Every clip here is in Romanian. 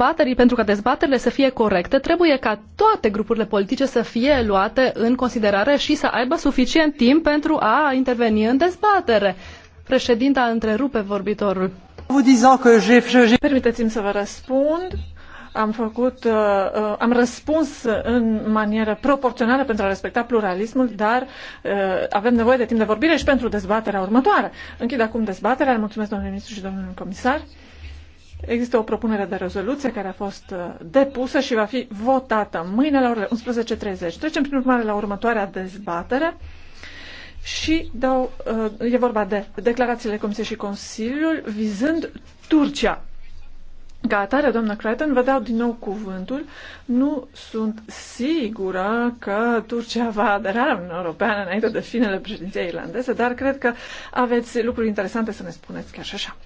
dezbaterii, pentru ca dezbaterile să fie corecte, trebuie ca toate grupurile politice să fie luate în considerare și să aibă suficient timp pentru a interveni în dezbatere. Președinta întrerupe vorbitorul. Permiteți-mi să vă răspund am făcut, uh, uh, am răspuns în manieră proporțională pentru a respecta pluralismul, dar uh, avem nevoie de timp de vorbire și pentru dezbaterea următoare. Închid acum dezbaterea. Mulțumesc, domnule ministru și domnul comisar. Există o propunere de rezoluție care a fost uh, depusă și va fi votată mâine la orele 11.30. Trecem prin urmare la următoarea dezbatere și dau, uh, e vorba de declarațiile Comisiei și Consiliul vizând Turcia. Ca atare, doamnă Crichton, vă dau din nou cuvântul. Nu sunt sigură că Turcia va adera la Uniunea Europeană înainte de finele președinției irlandeze, dar cred că aveți lucruri interesante să ne spuneți chiar și așa.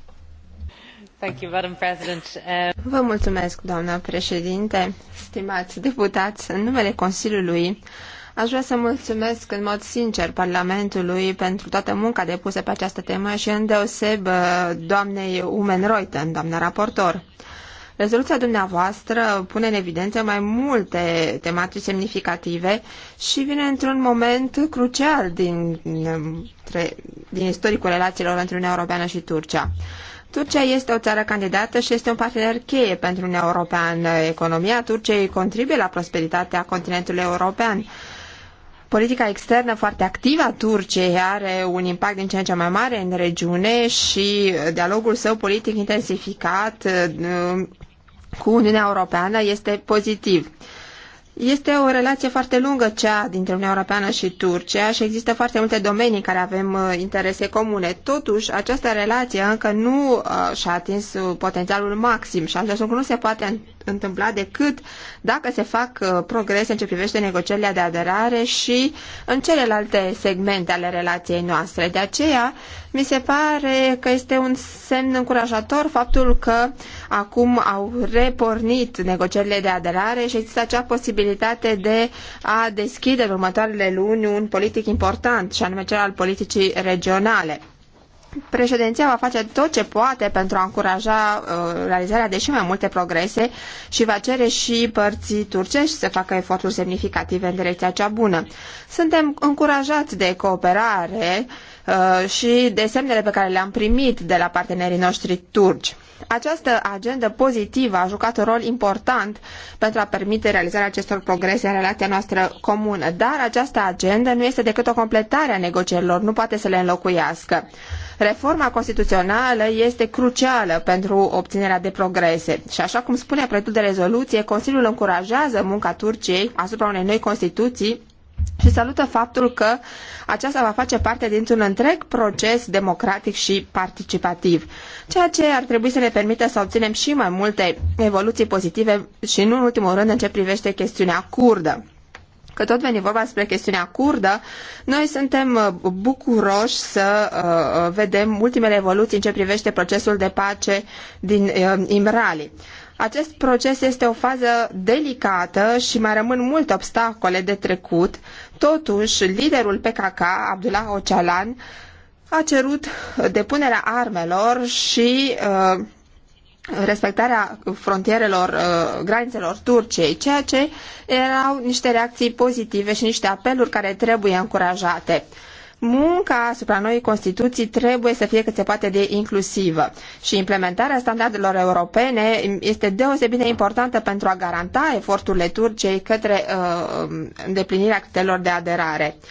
Uh, Vă mulțumesc, doamna președinte, stimați deputați, în numele Consiliului Aș vrea să mulțumesc în mod sincer Parlamentului pentru toată munca depusă pe această temă și îndeoseb uh, doamnei Umen Reuten, doamna raportor. Rezoluția dumneavoastră pune în evidență mai multe tematici semnificative și vine într-un moment crucial din, din istoricul relațiilor între Uniunea Europeană și Turcia. Turcia este o țară candidată și este un partener cheie pentru Uniunea Europeană. Economia Turciei contribuie la prosperitatea continentului european. Politica externă foarte activă a Turciei are un impact din ce în ce mai mare în regiune și dialogul său politic intensificat uh, cu Uniunea Europeană este pozitiv. Este o relație foarte lungă cea dintre Uniunea Europeană și Turcia și există foarte multe domenii în care avem uh, interese comune. Totuși, această relație încă nu uh, și-a atins uh, potențialul maxim și acest lucru nu se poate întâmpla decât dacă se fac progrese în ce privește negocierile de aderare și în celelalte segmente ale relației noastre. De aceea, mi se pare că este un semn încurajator faptul că acum au repornit negocierile de aderare și există acea posibilitate de a deschide în următoarele luni un politic important, și anume cel al politicii regionale. Președinția va face tot ce poate pentru a încuraja uh, realizarea de și mai multe progrese și va cere și părții turcești să facă eforturi semnificative în direcția cea bună. Suntem încurajați de cooperare uh, Uh, și de semnele pe care le-am primit de la partenerii noștri turci. Această agendă pozitivă a jucat un rol important pentru a permite realizarea acestor progrese în relația noastră comună, dar această agendă nu este decât o completare a negocierilor, nu poate să le înlocuiască. Reforma constituțională este crucială pentru obținerea de progrese și așa cum spune proiectul de rezoluție, Consiliul încurajează munca Turciei asupra unei noi constituții și salută faptul că aceasta va face parte dintr-un întreg proces democratic și participativ, ceea ce ar trebui să ne permită să obținem și mai multe evoluții pozitive și, nu în ultimul rând, în ce privește chestiunea curdă că tot veni vorba despre chestiunea curdă, noi suntem uh, bucuroși să uh, uh, vedem ultimele evoluții în ce privește procesul de pace din uh, Imrali. Acest proces este o fază delicată și mai rămân multe obstacole de trecut. Totuși, liderul PKK, Abdullah Ocalan, a cerut uh, depunerea armelor și uh, respectarea frontierelor, uh, granițelor Turciei, ceea ce erau niște reacții pozitive și niște apeluri care trebuie încurajate. Munca asupra noii Constituții trebuie să fie cât se poate de inclusivă și implementarea standardelor europene este deosebit de importantă pentru a garanta eforturile Turciei către uh, îndeplinirea criteriilor de aderare. Uh,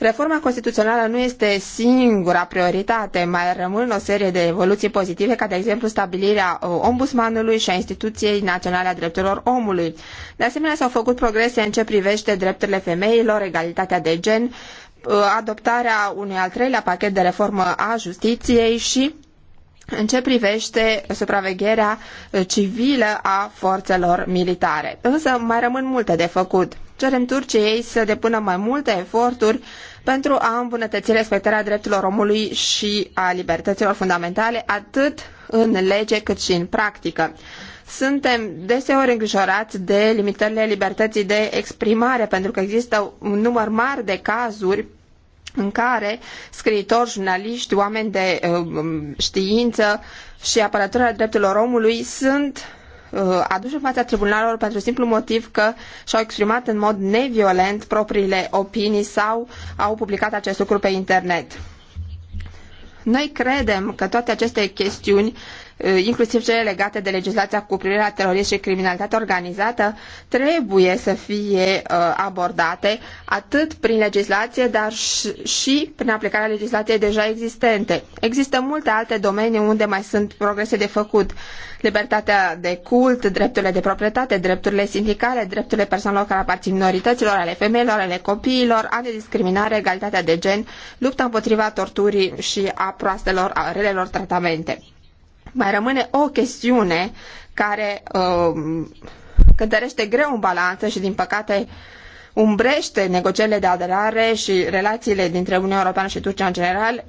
Reforma constituțională nu este singura prioritate, mai rămân o serie de evoluții pozitive, ca de exemplu stabilirea uh, ombudsmanului și a Instituției Naționale a Drepturilor Omului. De asemenea, s-au făcut progrese în ce privește drepturile femeilor, egalitatea de gen, uh, adoptarea unui al treilea pachet de reformă a justiției și în ce privește supravegherea uh, civilă a forțelor militare. Însă mai rămân multe de făcut. Cerem Turciei să depună mai multe eforturi pentru a îmbunătăți respectarea drepturilor omului și a libertăților fundamentale, atât în lege cât și în practică. Suntem deseori îngrijorați de limitările libertății de exprimare, pentru că există un număr mare de cazuri în care scriitori, jurnaliști, oameni de uh, știință și apărători drepturilor omului sunt Uh, aduși în fața tribunalelor pentru simplu motiv că și-au exprimat în mod neviolent propriile opinii sau au publicat acest lucru pe internet. Noi credem că toate aceste chestiuni Eh, inclusiv cele legate de legislația cu privire la terorism și criminalitate organizată, trebuie să fie eh, abordate atât prin legislație, dar și prin aplicarea legislației deja existente. Există multe alte domenii unde mai sunt progrese de făcut. Libertatea de cult, drepturile de proprietate, drepturile sindicale, drepturile persoanelor care aparțin minorităților, ale femeilor, ale copiilor, antidiscriminare, egalitatea de gen, lupta împotriva torturii și a proastelor, a relelor tratamente mai rămâne o chestiune care uh, cântărește greu în balanță și, din păcate, umbrește negocierile de aderare și relațiile dintre Uniunea Europeană și Turcia în general,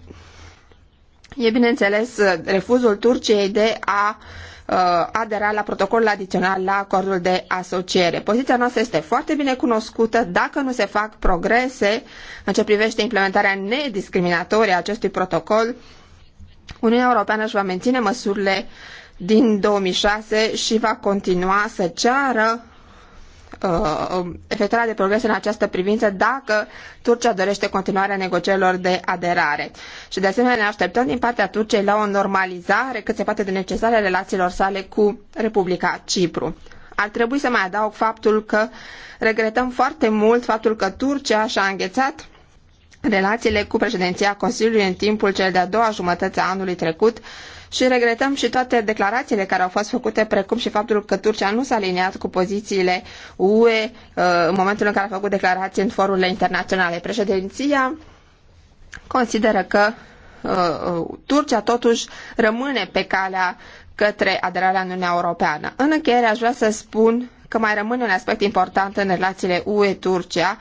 e, bineînțeles, refuzul Turciei de a uh, adera la protocolul adițional la acordul de asociere. Poziția noastră este foarte bine cunoscută. Dacă nu se fac progrese în ce privește implementarea nediscriminatorie a acestui protocol, Uniunea Europeană își va menține măsurile din 2006 și va continua să ceară uh, efectuarea de progrese în această privință dacă Turcia dorește continuarea negocierilor de aderare. Și de asemenea ne așteptăm din partea Turciei la o normalizare cât se poate de necesară a relațiilor sale cu Republica Cipru. Ar trebui să mai adaug faptul că regretăm foarte mult faptul că Turcia și-a înghețat relațiile cu președinția Consiliului în timpul cel de-a doua jumătate a anului trecut și regretăm și toate declarațiile care au fost făcute, precum și faptul că Turcia nu s-a aliniat cu pozițiile UE uh, în momentul în care a făcut declarații în forurile internaționale. Președinția consideră că uh, uh, Turcia totuși rămâne pe calea către aderarea în Uniunea Europeană. În încheiere aș vrea să spun că mai rămâne un aspect important în relațiile UE-Turcia,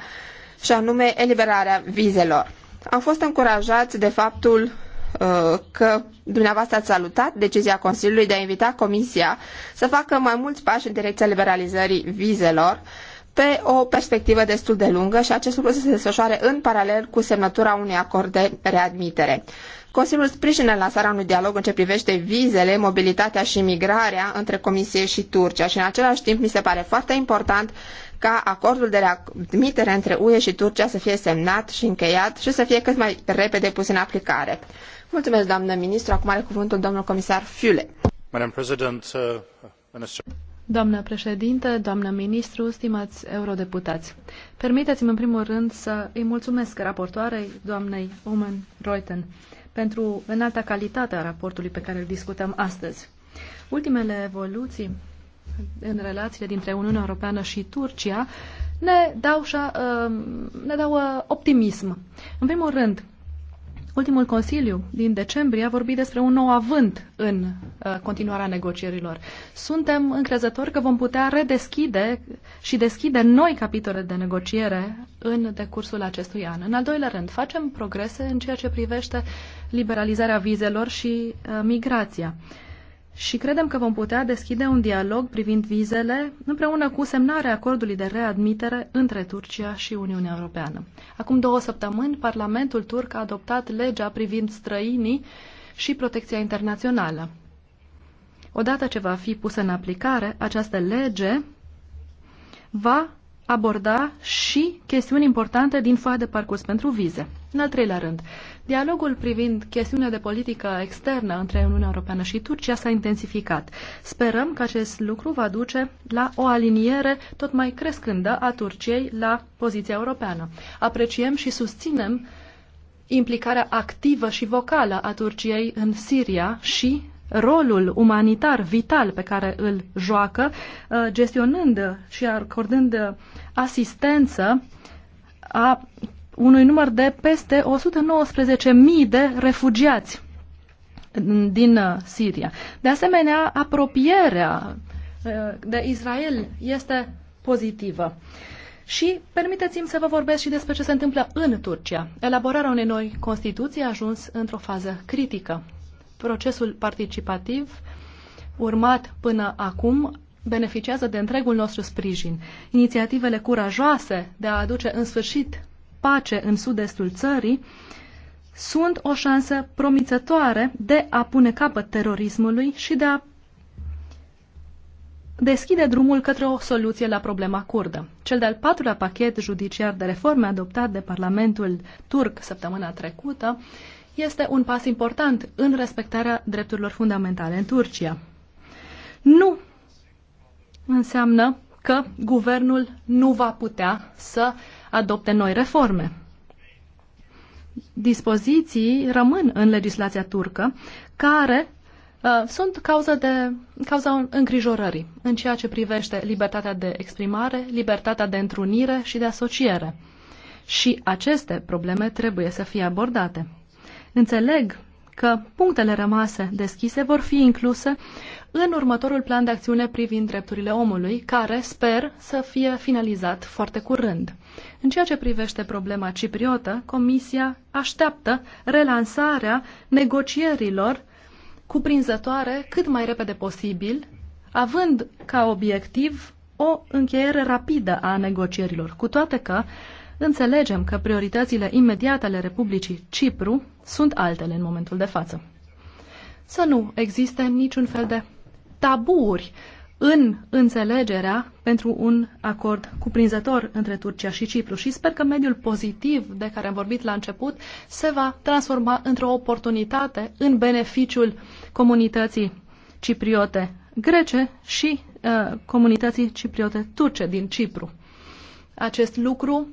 și anume eliberarea vizelor. Am fost încurajați de faptul uh, că dumneavoastră ați salutat decizia Consiliului de a invita Comisia să facă mai mulți pași în direcția liberalizării vizelor pe o perspectivă destul de lungă și acest lucru să se desfășoare în paralel cu semnătura unui acord de readmitere. Consiliul sprijină lansarea unui dialog în ce privește vizele, mobilitatea și migrarea între Comisie și Turcia și în același timp mi se pare foarte important ca acordul de admitere între UE și Turcia să fie semnat și încheiat și să fie cât mai repede pus în aplicare. Mulțumesc, doamnă ministru. Acum are cuvântul domnul comisar Fiule. Uh, doamnă președinte, doamnă ministru, stimați eurodeputați, permiteți-mi în primul rând să îi mulțumesc raportoarei, doamnei Omen Reuten, pentru înalta calitate a raportului pe care îl discutăm astăzi. Ultimele evoluții în relațiile dintre Uniunea Europeană și Turcia ne dau, șa, um, ne dau uh, optimism. În primul rând, ultimul Consiliu din decembrie a vorbit despre un nou avânt în uh, continuarea negocierilor. Suntem încrezători că vom putea redeschide și deschide noi capitole de negociere în decursul acestui an. În al doilea rând, facem progrese în ceea ce privește liberalizarea vizelor și uh, migrația și credem că vom putea deschide un dialog privind vizele împreună cu semnarea acordului de readmitere între Turcia și Uniunea Europeană. Acum două săptămâni, Parlamentul turc a adoptat legea privind străinii și protecția internațională. Odată ce va fi pusă în aplicare, această lege va aborda și chestiuni importante din foaia de parcurs pentru vize. În al treilea rând, Dialogul privind chestiunea de politică externă între Uniunea Europeană și Turcia s-a intensificat. Sperăm că acest lucru va duce la o aliniere tot mai crescândă a Turciei la poziția europeană. Apreciem și susținem implicarea activă și vocală a Turciei în Siria și rolul umanitar vital pe care îl joacă, uh, gestionând și acordând asistență a unui număr de peste 119.000 de refugiați din uh, Siria. De asemenea, apropierea uh, de Israel este pozitivă. Și permiteți-mi să vă vorbesc și despre ce se întâmplă în Turcia. Elaborarea unei noi Constituții a ajuns într-o fază critică. Procesul participativ, urmat până acum, beneficiază de întregul nostru sprijin. Inițiativele curajoase de a aduce în sfârșit pace în sud-estul țării sunt o șansă promițătoare de a pune capăt terorismului și de a deschide drumul către o soluție la problema curdă. Cel de-al patrulea pachet judiciar de reforme adoptat de Parlamentul turc săptămâna trecută este un pas important în respectarea drepturilor fundamentale în Turcia. Nu înseamnă că guvernul nu va putea să adopte noi reforme. Dispoziții rămân în legislația turcă care uh, sunt cauza, de, cauza îngrijorării în ceea ce privește libertatea de exprimare, libertatea de întrunire și de asociere. Și aceste probleme trebuie să fie abordate. Înțeleg că punctele rămase deschise vor fi incluse în următorul plan de acțiune privind drepturile omului, care sper să fie finalizat foarte curând. În ceea ce privește problema cipriotă, Comisia așteaptă relansarea negocierilor cuprinzătoare cât mai repede posibil, având ca obiectiv o încheiere rapidă a negocierilor, cu toate că înțelegem că prioritățile imediate ale Republicii Cipru sunt altele în momentul de față. Să nu existe niciun fel de taburi în înțelegerea pentru un acord cuprinzător între Turcia și Cipru și sper că mediul pozitiv de care am vorbit la început se va transforma într-o oportunitate în beneficiul comunității cipriote grece și uh, comunității cipriote turce din Cipru. Acest lucru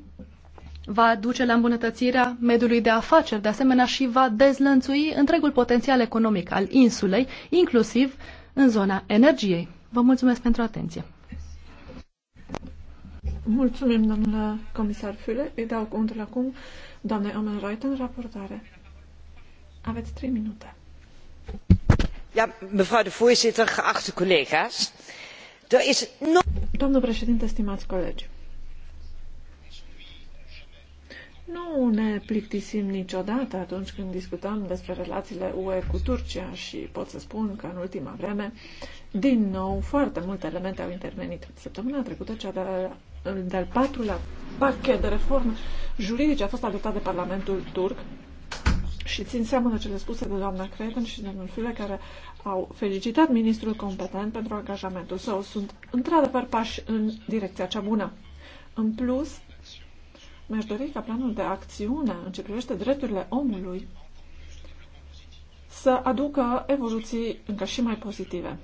va duce la îmbunătățirea mediului de afaceri, de asemenea și va dezlănțui întregul potențial economic al insulei, inclusiv în zona energiei. Vă mulțumesc pentru atenție. Mulțumim, domnule comisar Füle. Îi dau cuvântul acum doamnei Omen Reut în raportare. Aveți trei minute. Ja, mevrouw de voorzitter, geachte collega's. Er is no Doamnă președinte, stimați colegi. Nu ne plictisim niciodată atunci când discutăm despre relațiile UE cu Turcia și pot să spun că în ultima vreme, din nou, foarte multe elemente au intervenit. Săptămâna trecută, cea de-al de patrulea pachet de reformă juridice a fost adoptat de Parlamentul turc și țin seama de cele spuse de doamna Creten și de domnul care au felicitat ministrul competent pentru angajamentul său. Sunt într-adevăr pași în direcția cea bună. În plus, mi-aș dori ca planul de acțiune în ce privește drepturile omului să aducă evoluții încă și mai pozitive.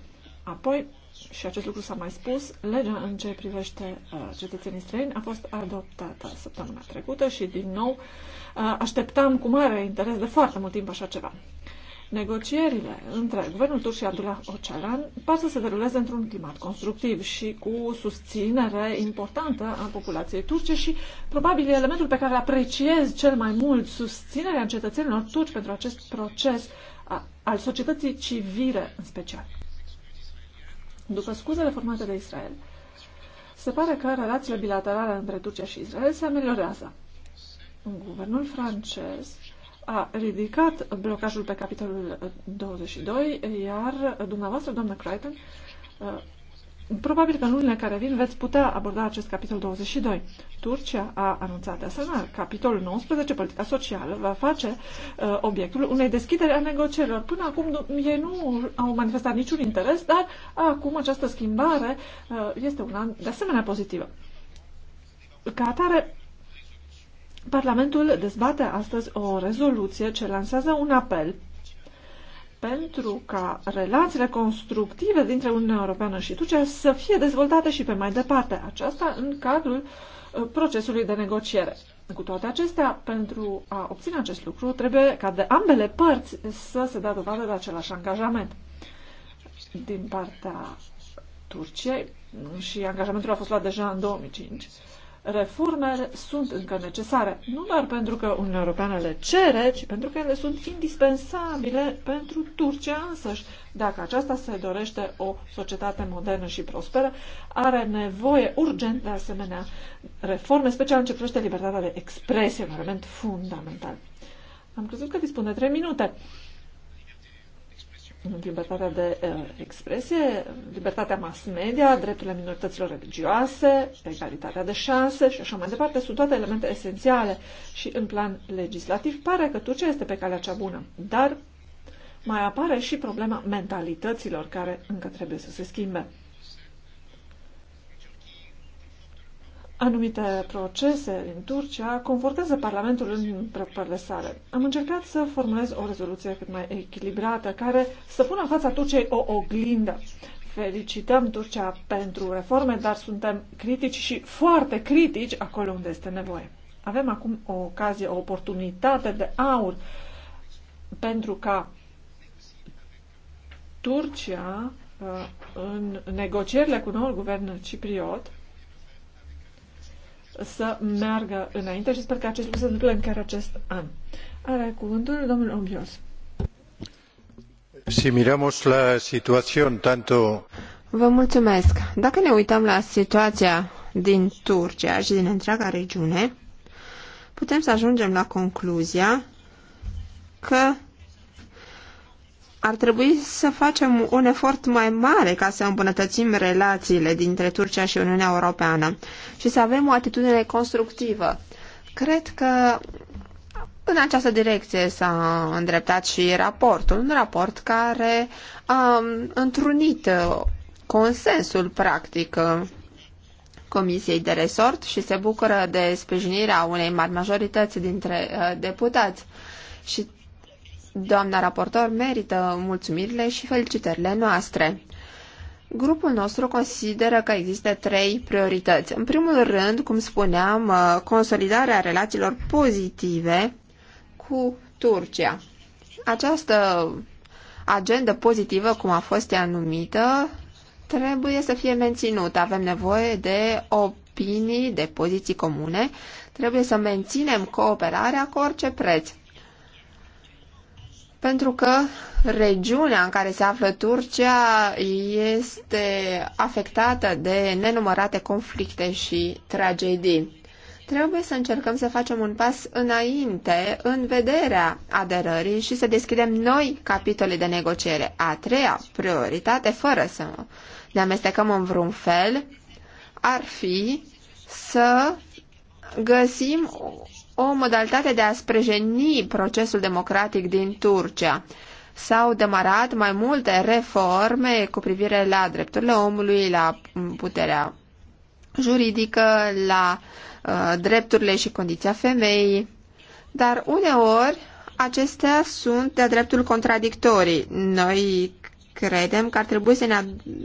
Apoi, și acest lucru s-a mai spus, legea în ce privește uh, cetățenii străini a fost adoptată săptămâna trecută și din nou uh, așteptam cu mare interes de foarte mult timp așa ceva. Negocierile între guvernul turc și Abdullah Ocalan par să se deruleze într-un climat constructiv și cu susținere importantă a populației turce și probabil elementul pe care îl apreciez cel mai mult, susținerea cetățenilor turci pentru acest proces a, al societății civile în special. După scuzele formate de Israel, se pare că relațiile bilaterale între Turcia și Israel se ameliorează. Guvernul francez a ridicat blocajul pe capitolul 22, iar dumneavoastră, doamnă Crichton, uh, probabil că în lunile care vin veți putea aborda acest capitol 22. Turcia a anunțat de asemenea capitolul 19, politica socială, va face uh, obiectul unei deschideri a negocierilor. Până acum ei nu au manifestat niciun interes, dar acum această schimbare uh, este una de asemenea pozitivă. Ca atare, Parlamentul dezbate astăzi o rezoluție ce lansează un apel pentru ca relațiile constructive dintre Uniunea Europeană și Turcia să fie dezvoltate și pe mai departe, aceasta în cadrul uh, procesului de negociere. Cu toate acestea, pentru a obține acest lucru, trebuie ca de ambele părți să se dea dovadă de același angajament. Din partea Turciei, și angajamentul a fost luat deja în 2005, reforme sunt încă necesare, nu doar pentru că Uniunea Europeană le cere, ci pentru că ele sunt indispensabile pentru Turcia însăși. Dacă aceasta se dorește o societate modernă și prosperă, are nevoie urgent de asemenea reforme, special în ce privește libertatea de expresie, un element fundamental. Am crezut că dispune trei minute libertatea de eh, expresie, libertatea mass media, drepturile minorităților religioase, egalitatea de șanse și așa mai departe, sunt toate elemente esențiale și în plan legislativ pare că Turcia este pe calea cea bună, dar mai apare și problema mentalităților care încă trebuie să se schimbe. anumite procese în Turcia confortează Parlamentul în preocupările sale. Am încercat să formulez o rezoluție cât mai echilibrată, care să pună în fața Turciei o oglindă. Felicităm Turcia pentru reforme, dar suntem critici și foarte critici acolo unde este nevoie. Avem acum o ocazie, o oportunitate de aur pentru ca Turcia uh, în negocierile cu noul guvern cipriot să meargă înainte și sper că acest lucru se întâmplă în chiar acest an. Are cuvântul domnul Obios. Si miramos la situación tanto... Vă mulțumesc. Dacă ne uităm la situația din Turcia și din întreaga regiune, putem să ajungem la concluzia că ar trebui să facem un efort mai mare ca să îmbunătățim relațiile dintre Turcia și Uniunea Europeană și să avem o atitudine constructivă. Cred că în această direcție s-a îndreptat și raportul, un raport care a întrunit consensul practic Comisiei de Resort și se bucură de sprijinirea unei mari majorități dintre uh, deputați. Și doamna raportor merită mulțumirile și felicitările noastre. Grupul nostru consideră că există trei priorități. În primul rând, cum spuneam, uh, consolidarea relațiilor pozitive cu Turcia. Această agendă pozitivă, cum a fost ea numită, trebuie să fie menținută. Avem nevoie de opinii, de poziții comune. Trebuie să menținem cooperarea cu orice preț pentru că regiunea în care se află Turcia este afectată de nenumărate conflicte și tragedii. Trebuie să încercăm să facem un pas înainte în vederea aderării și să deschidem noi capitole de negociere. A treia prioritate, fără să ne amestecăm în vreun fel, ar fi să găsim o modalitate de a sprijini procesul democratic din Turcia. S-au demarat mai multe reforme cu privire la drepturile omului, la puterea juridică, la uh, drepturile și condiția femeii, dar uneori acestea sunt de-a dreptul contradictorii. Noi credem că ar trebui să ne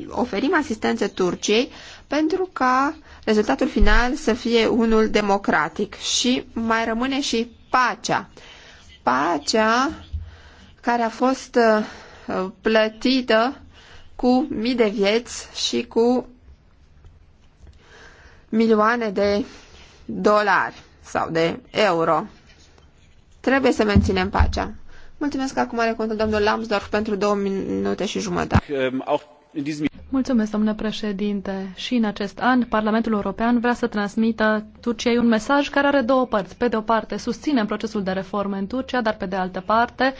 oferim asistență Turciei pentru ca rezultatul final să fie unul democratic și mai rămâne și pacea. Pacea care a fost uh, plătită cu mii de vieți și cu milioane de dolari sau de euro. Trebuie să menținem pacea. Mulțumesc acum are cuvântul domnul Lambsdorff pentru două minute și jumătate. Um, Mulțumesc, domnule președinte. Și în acest an, Parlamentul European vrea să transmită Turciei un mesaj care are două părți. Pe de o parte, susținem procesul de reforme în Turcia, dar pe de altă parte,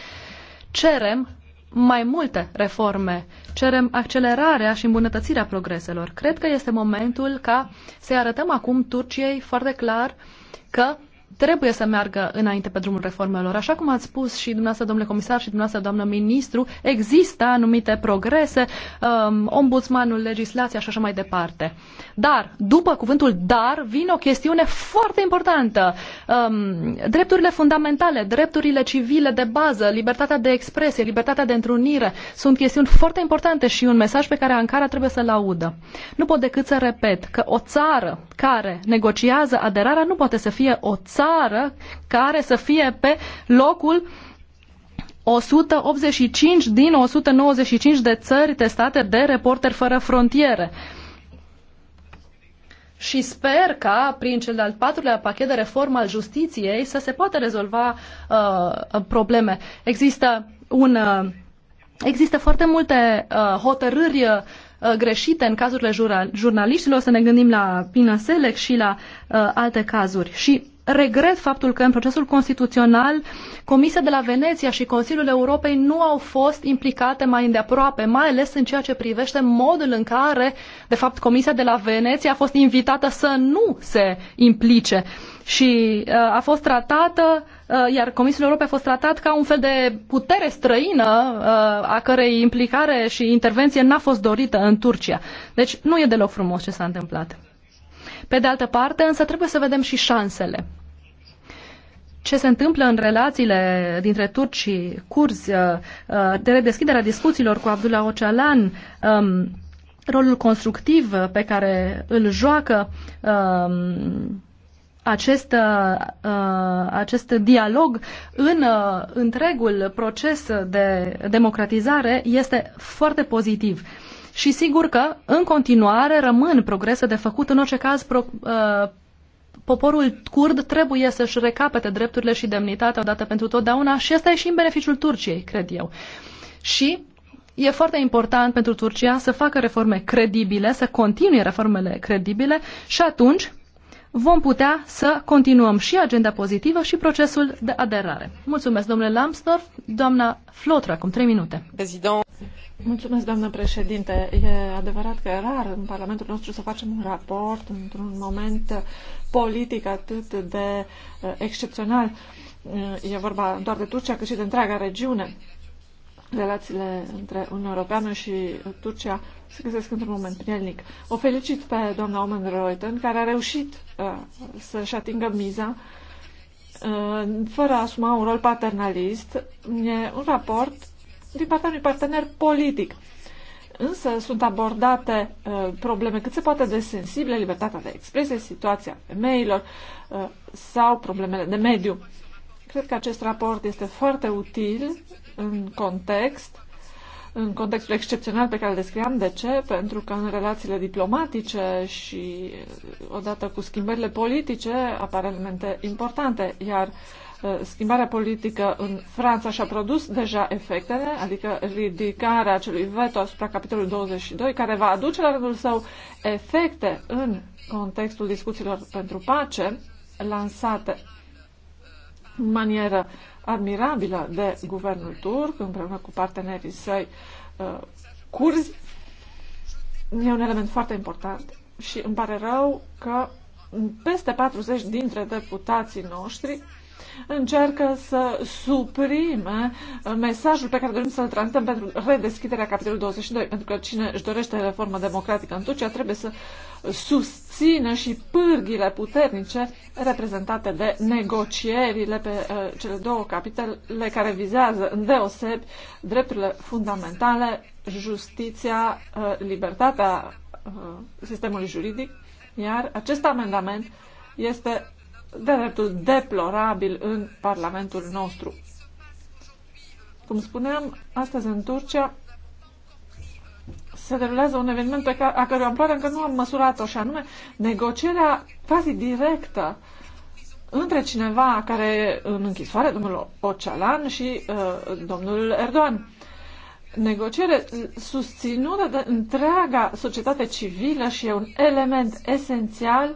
cerem mai multe reforme. Cerem accelerarea și îmbunătățirea progreselor. Cred că este momentul ca să arătăm acum Turciei foarte clar că trebuie să meargă înainte pe drumul reformelor. Așa cum ați spus și dumneavoastră, domnule comisar, și dumneavoastră, doamnă ministru, există anumite progrese, um, ombudsmanul, legislația și așa mai departe. Dar, după cuvântul dar, vine o chestiune foarte importantă. Um, drepturile fundamentale, drepturile civile de bază, libertatea de expresie, libertatea de întrunire sunt chestiuni foarte importante și un mesaj pe care Ankara trebuie să-l audă. Nu pot decât să repet că o țară care negociază aderarea nu poate să fie o țară țară care să fie pe locul 185 din 195 de țări testate de Reporteri Fără Frontiere. Și sper ca prin cel de-al patrulea pachet de reformă al justiției să se poată rezolva uh, probleme. Există un uh, Există foarte multe uh, hotărâri uh, greșite în cazurile jurnaliștilor, să ne gândim la Pina Selec și la uh, alte cazuri. Și regret faptul că în procesul constituțional Comisia de la Veneția și Consiliul Europei nu au fost implicate mai îndeaproape, mai ales în ceea ce privește modul în care, de fapt, Comisia de la Veneția a fost invitată să nu se implice și uh, a fost tratată, uh, iar Comisiul Europei a fost tratat ca un fel de putere străină uh, a cărei implicare și intervenție n-a fost dorită în Turcia. Deci nu e deloc frumos ce s-a întâmplat. Pe de altă parte, însă trebuie să vedem și șansele. Ce se întâmplă în relațiile dintre turcii curzi, uh, uh, de redeschiderea discuțiilor cu Abdullah Ocalan, um, rolul constructiv pe care îl joacă um, acest, uh, acest dialog în întregul proces de democratizare este foarte pozitiv. Și sigur că, în continuare, rămân progrese de făcut. În orice caz, pro, uh, poporul curd trebuie să-și recapete drepturile și demnitatea odată pentru totdeauna și asta e și în beneficiul Turciei, cred eu. Și E foarte important pentru Turcia să facă reforme credibile, să continue reformele credibile și atunci vom putea să continuăm și agenda pozitivă și procesul de aderare. Mulțumesc, domnule Lambsdorff. Doamna Flotra, acum trei minute. Prezident. Mulțumesc, doamnă președinte. E adevărat că e rar în Parlamentul nostru să facem un raport într-un moment politic atât de uh, excepțional. Uh, e vorba doar de Turcia, cât și de întreaga regiune. Relațiile între Uniunea Europeană și Turcia se găsesc într-un moment prielnic. O felicit pe doamna Omen Reuten, care a reușit uh, să-și atingă miza fără a asuma un rol paternalist. E un raport din partea unui partener politic. Însă sunt abordate uh, probleme cât se poate de sensibile, libertatea de expresie, situația femeilor uh, sau problemele de mediu. Cred că acest raport este foarte util în context, în contextul excepțional pe care îl descriam. De ce? Pentru că în relațiile diplomatice și uh, odată cu schimbările politice apar elemente importante, iar uh, Uh, schimbarea politică în Franța și-a produs deja efectele, adică ridicarea acelui veto asupra capitolului 22, care va aduce la rândul său efecte în contextul discuțiilor pentru pace lansate în manieră admirabilă de guvernul turc împreună cu partenerii săi uh, curzi. E un element foarte important și îmi pare rău că peste 40 dintre deputații noștri încearcă să suprime uh, mesajul pe care dorim să-l transmitem pentru redeschiderea capitolului 22, pentru că cine își dorește reformă democratică în Turcia trebuie să susțină și pârghile puternice reprezentate de negocierile pe uh, cele două capitole care vizează deosebi drepturile fundamentale, justiția, uh, libertatea uh, sistemului juridic, iar acest amendament este de dreptul deplorabil în Parlamentul nostru. Cum spuneam, astăzi în Turcia se derulează un eveniment pe care, a cărui amploare încă nu am măsurat-o, și anume negocierea quasi directă între cineva care e în închisoare, domnul Ocalan și uh, domnul Erdogan. Negociere susținută de întreaga societate civilă și e un element esențial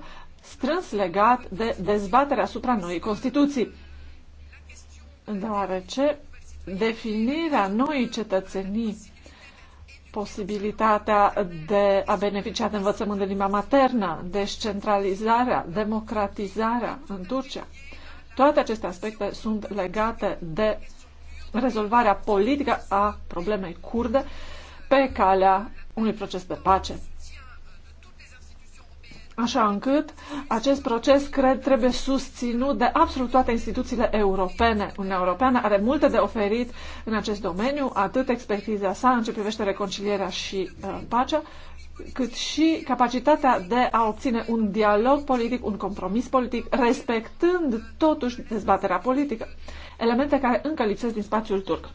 strâns legat de dezbaterea asupra noii Constituții, deoarece definirea noii cetățenii, posibilitatea de a beneficia de învățământ de limba maternă, descentralizarea, democratizarea în Turcia, toate aceste aspecte sunt legate de rezolvarea politică a problemei kurde pe calea unui proces de pace. Așa încât acest proces, cred, trebuie susținut de absolut toate instituțiile europene. Uniunea Europeană are multe de oferit în acest domeniu, atât expertiza sa în ce privește reconcilierea și uh, pacea, cât și capacitatea de a obține un dialog politic, un compromis politic, respectând totuși dezbaterea politică, elemente care încă lipsesc din spațiul turc.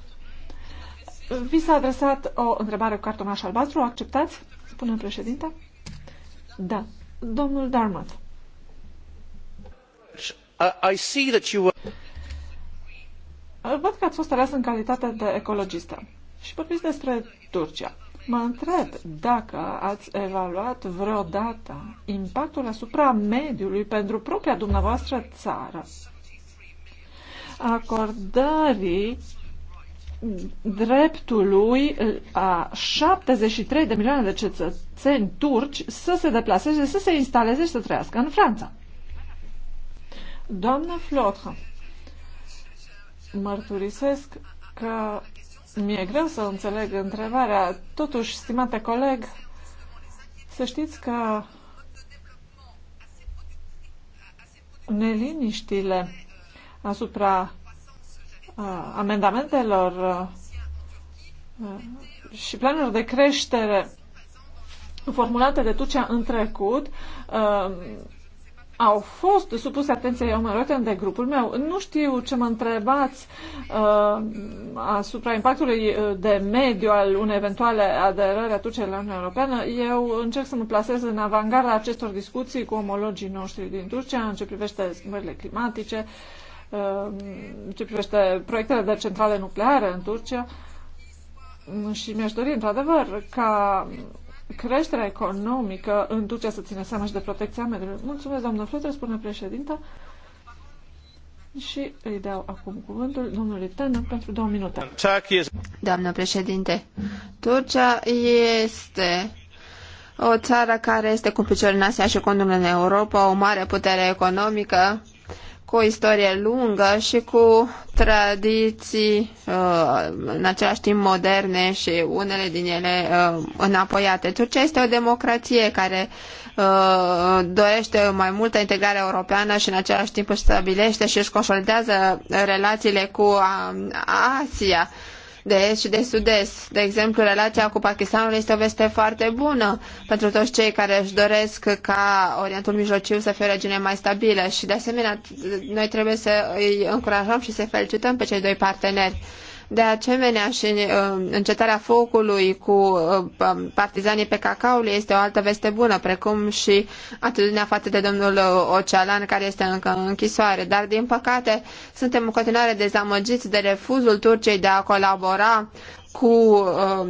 Vi s-a adresat o întrebare cu cartonaș albastru, o acceptați? Spune președinte. Da. Domnul Darmat. I see that you were... Văd că ați fost ales în calitate de ecologistă și vorbiți despre Turcia. Mă întreb dacă ați evaluat vreodată impactul asupra mediului pentru propria dumneavoastră țară acordării dreptului eh, a 73 de milioane de cetățeni turci să se deplaseze, să se instaleze și să trăiască în Franța. Doamna Flotha, mărturisesc că mi-e greu să înțeleg întrebarea. Totuși, stimate coleg, să știți că neliniștile asupra amendamentelor și planurilor de creștere formulate de Turcia în trecut au fost supuse atenției omeroten de grupul meu. Nu știu ce mă întrebați uh, asupra impactului de mediu al unei eventuale aderări a Turciei la Uniunea Europeană. Eu încerc să mă plasez în avangarda acestor discuții cu omologii noștri din Turcia în ce privește schimbările climatice, uh, ce privește proiectele de centrale nucleare în Turcia și mi-aș dori, într-adevăr, ca creșterea economică în Turcia să țină seama și de protecția mediului. Mulțumesc, doamnă Flotre, spune președinta. Și îi dau acum cuvântul domnului Tană pentru două minute. Doamnă președinte, Turcia este o țară care este cu piciorul în Asia și cu în Europa, o mare putere economică, cu o istorie lungă și cu tradiții uh, în același timp moderne și unele din ele uh, înapoiate. Turcia este o democrație care uh, dorește mai multă integrare europeană și în același timp își stabilește și își consolidează relațiile cu um, Asia de est și de sud-est. De exemplu, relația cu Pakistanul este o veste foarte bună pentru toți cei care își doresc ca Orientul Mijlociu să fie o regiune mai stabilă și de asemenea noi trebuie să îi încurajăm și să felicităm pe cei doi parteneri de asemenea și uh, încetarea focului cu uh, um, partizanii pe cacao este o altă veste bună, precum și atitudinea față de domnul uh, Ocealan, care este încă în închisoare. Dar, din păcate, suntem în continuare dezamăgiți de refuzul Turciei de a colabora cu um,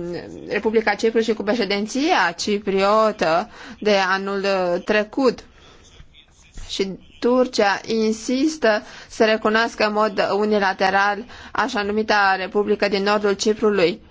Republica Cipru și cu președinția cipriotă de anul trecut. Și Turcia insistă să recunoască în mod unilateral așa numita Republică din Nordul Ciprului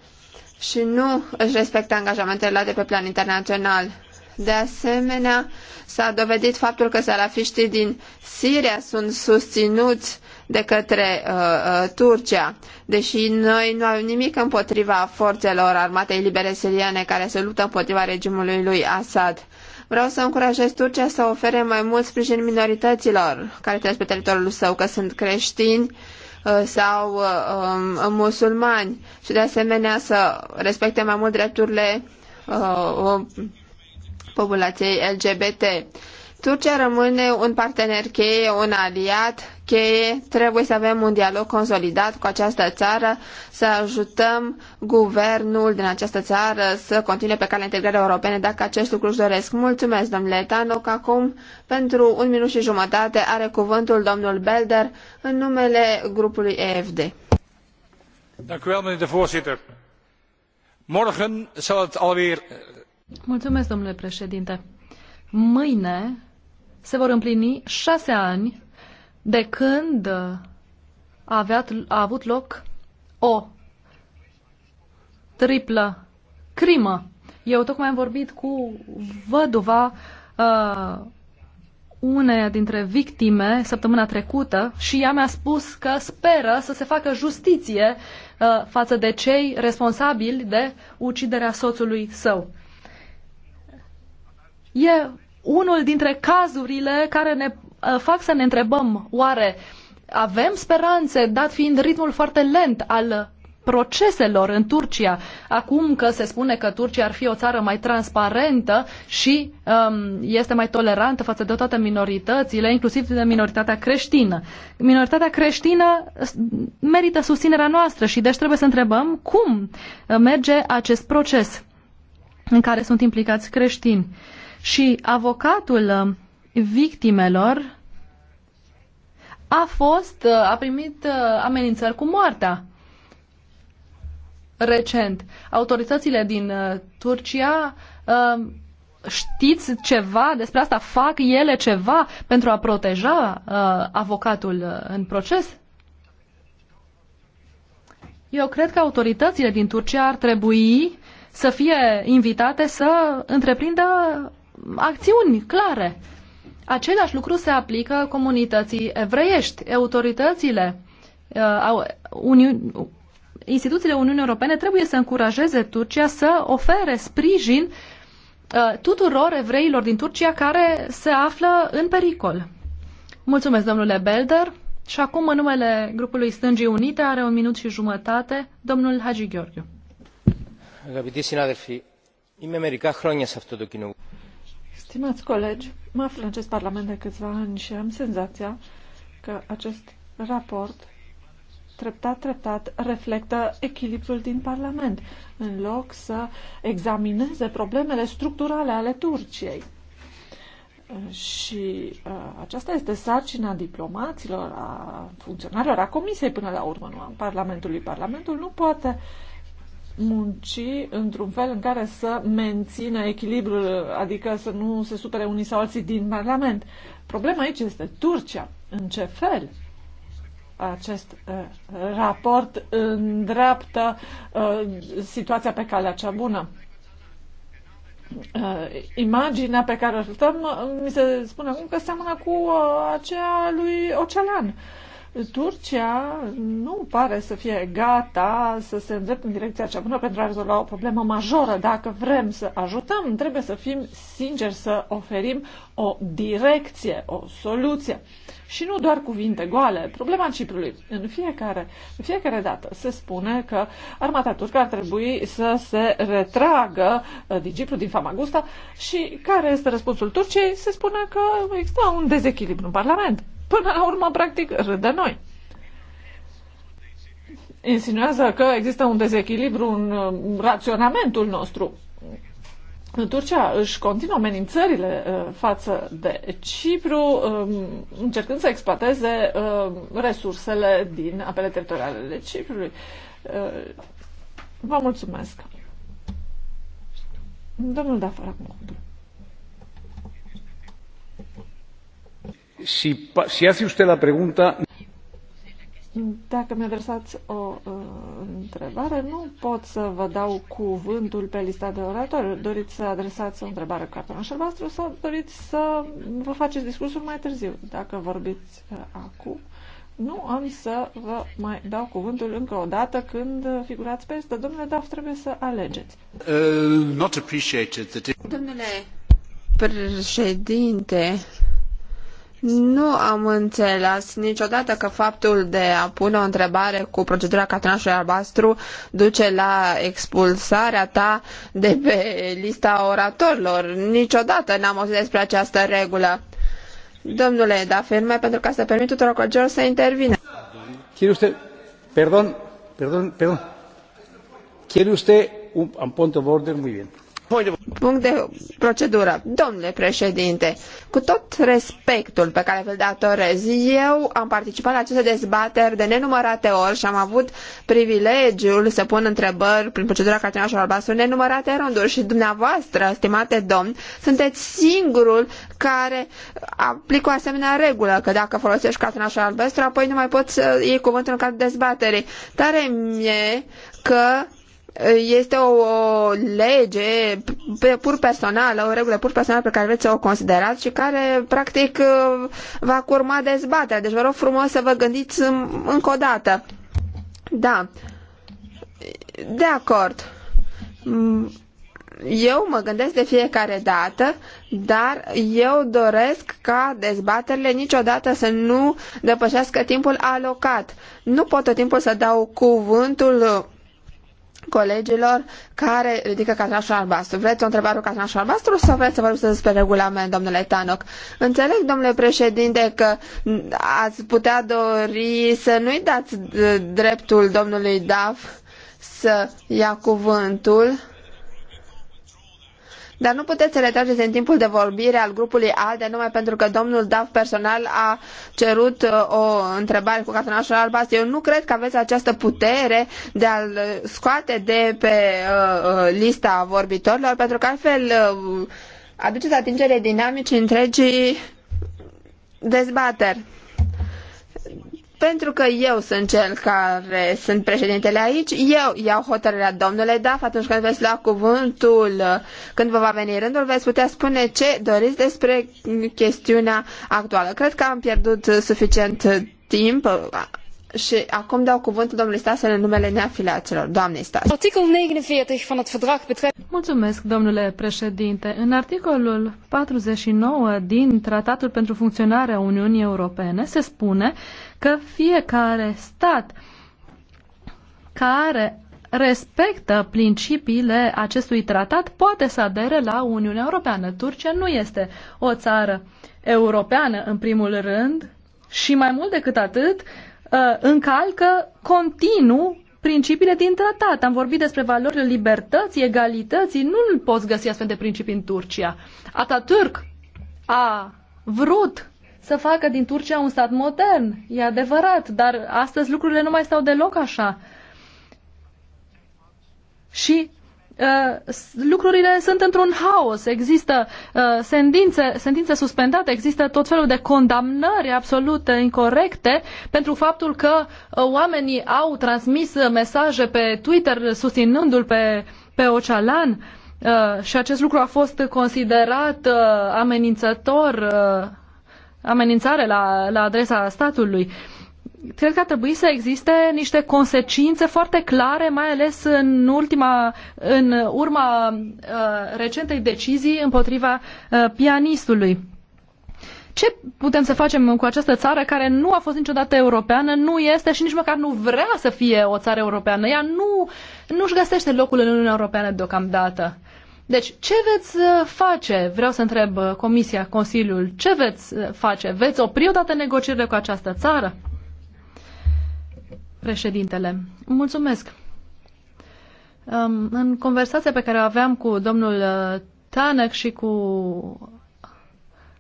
și nu își respectă angajamentele luate pe plan internațional. De asemenea, s-a dovedit faptul că salafiștii din Siria sunt susținuți de către uh, uh, Turcia, deși noi nu avem nimic împotriva forțelor armatei libere siriene care se luptă împotriva regimului lui Assad. Vreau să încurajez Turcia să ofere mai mult sprijin minorităților care trăiesc pe teritoriul său, că sunt creștini uh, sau uh, um, musulmani și de asemenea să respecte mai mult drepturile uh, populației LGBT. Turcia rămâne un partener cheie, un aliat cheie. Trebuie să avem un dialog consolidat cu această țară, să ajutăm guvernul din această țară să continue pe calea integrării europene dacă acest lucru își doresc. Mulțumesc, domnule Tanoc. Acum, pentru un minut și jumătate, are cuvântul domnul Belder în numele grupului EFD. Mulțumesc, domnule președinte. Mâine se vor împlini șase ani de când a, aveat, a avut loc o triplă crimă. Eu tocmai am vorbit cu văduva uh, uneia dintre victime săptămâna trecută și ea mi-a spus că speră să se facă justiție uh, față de cei responsabili de uciderea soțului său. E unul dintre cazurile care ne uh, fac să ne întrebăm oare avem speranțe, dat fiind ritmul foarte lent al proceselor în Turcia. Acum că se spune că Turcia ar fi o țară mai transparentă și um, este mai tolerantă față de toate minoritățile, inclusiv de minoritatea creștină. Minoritatea creștină merită susținerea noastră și deci trebuie să întrebăm cum merge acest proces în care sunt implicați creștini. Uh, și avocatul um, victimelor a fost, uh, a primit uh, amenințări cu moartea. Recent, autoritățile din uh, Turcia um, știți ceva despre asta? Fac ele ceva pentru a proteja avocatul în proces? Eu cred că autoritățile din Turcia ar trebui să fie invitate să întreprindă acțiuni clare. Același lucru se aplică comunității evreiești. Autoritățile, uh, instituțiile Uniunii Europene trebuie să încurajeze Turcia să ofere sprijin uh, tuturor evreilor din Turcia care se află în pericol. Mulțumesc, domnule Belder. Și acum, în numele grupului Stângii Unite, are un minut și jumătate, domnul Hagi Gheorghiu. Stimați colegi, mă aflu în acest Parlament de câțiva ani și am senzația că acest raport treptat, treptat reflectă echilibrul din Parlament, în loc să examineze problemele structurale ale Turciei. Și uh, aceasta este sarcina diplomaților, a funcționarilor, a comisiei până la urmă, nu a Parlamentului. Parlamentul nu poate uh, munci într-un fel în care să mențină echilibrul, adică să nu se supere unii sau alții din Parlament. Problema aici este Turcia. În ce fel acest uh, raport îndreaptă uh, situația pe calea cea bună? Uh, imaginea pe care o ascultăm uh, mi se spune acum că seamănă cu uh, aceea lui Ocelan. Uh, Turcia nu pare să fie gata să se îndrepte în direcția cea bună pentru a rezolva o problemă majoră. Dacă vrem să ajutăm, trebuie să fim sinceri, să oferim o direcție, o soluție. Și nu doar cuvinte goale. Problema Ciprului. În fiecare, în fiecare dată se spune că armata turcă ar trebui să se retragă uh, din Cipru, din Famagusta și care este răspunsul Turciei? Se spune că există un dezechilibru în Parlament până la urmă, practic, râd de noi. Insinuează că există un dezechilibru în uh, raționamentul nostru. În Turcia își continuă amenințările uh, față de Cipru, um, încercând să exploateze um, resursele din apele teritoriale ale Ciprului. Uh, vă mulțumesc. Domnul Dafar, acum Si, si hace usted la pregunta... Dacă mi-adresați o uh, întrebare, nu pot să vă dau cuvântul pe lista de oratori. Doriți să adresați o întrebare cu cartonaș albastru sau doriți să vă faceți discursul mai târziu? Dacă vorbiți uh, acum, nu am să vă mai dau cuvântul încă o dată când figurați pe listă. Domnule Daf, trebuie să alegeți. Uh, not appreciated that it... Domnule președinte, nu am înțeles niciodată că faptul de a pune o întrebare cu procedura catenașului albastru duce la expulsarea ta de pe lista oratorilor. Niciodată n-am auzit despre această regulă. Domnule, da firme pentru ca să permit tuturor colegilor să intervină. Quiere usted, perdon, perdon, perdon. Quiere usted un, un de ordine, muy bien. Punct de procedură. Domnule președinte, cu tot respectul pe care vi-l datorez, eu am participat la aceste dezbateri de nenumărate ori și am avut privilegiul să pun întrebări prin procedura cartonașului albastru nenumărate rânduri și dumneavoastră, stimate domn, sunteți singurul care aplică o asemenea regulă, că dacă folosești cartonașul albastru, apoi nu mai poți să iei cuvântul în cadrul dezbaterii. Tare mie că este o lege pur personală, o regulă pur personală pe care vreți să o considerați și care practic va curma dezbaterea. Deci vă rog frumos să vă gândiți încă o dată. Da. De acord. Eu mă gândesc de fiecare dată, dar eu doresc ca dezbaterile niciodată să nu depășească timpul alocat. Nu pot tot timpul să dau cuvântul colegilor care ridică catrașul albastru. Vreți o întrebare cu catrașul albastru sau vreți să vorbiți despre regulament, domnule Tanoc? Înțeleg, domnule președinte, că ați putea dori să nu-i dați dreptul domnului Daf să ia cuvântul dar nu puteți să retrageți în timpul de vorbire al grupului ALDE numai pentru că domnul Dav personal a cerut uh, o întrebare cu cartonașul albastru. Eu nu cred că aveți această putere de a-l scoate de pe uh, uh lista vorbitorilor pentru că altfel uh, aduceți atingere dinamici întregii dezbateri pentru că eu sunt cel care sunt președintele aici, eu iau hotărârea domnule Daf, atunci când veți lua cuvântul, când vă va veni rândul, veți putea spune ce doriți despre chestiunea actuală. Cred că am pierdut suficient timp, și acum dau cuvântul domnului Stasel în numele neafiliaților. Doamnei Stasel. Articolul 49 van het verdrag betreft... Mulțumesc, domnule președinte. În articolul 49 din Tratatul pentru funcționarea Uniunii Europene se spune că fiecare stat care respectă principiile acestui tratat poate să adere la Uniunea Europeană. Turcia nu este o țară europeană în primul rând și mai mult decât atât, Uh, încalcă continuu principiile din tratat. Am vorbit despre valorile libertății, egalității. nu îl poți găsi astfel de principii în Turcia. Atatürk a vrut să facă din Turcia un stat modern. E adevărat, dar astăzi lucrurile nu mai stau deloc așa. Și Uh, lucrurile sunt într-un haos, există uh, sentințe, sentințe suspendate, există tot felul de condamnări absolut incorrecte pentru faptul că uh, oamenii au transmis mesaje pe Twitter susținându-l pe, pe Ocalan și acest lucru a fost considerat amenințător, amenințare la, la adresa statului cred că ar trebui să existe niște consecințe foarte clare, mai ales în, ultima, în urma uh, recentei decizii împotriva uh, pianistului. Ce putem să facem cu această țară care nu a fost niciodată europeană, nu este și nici măcar nu vrea să fie o țară europeană? Ea nu, nu-și găsește locul în Uniunea Europeană deocamdată. Deci, ce veți uh, face? Vreau să întreb uh, Comisia, Consiliul, ce veți uh, face? Veți opri odată negocierile cu această țară? Președintele, mulțumesc. În conversația pe care o aveam cu domnul uh, Tanek și cu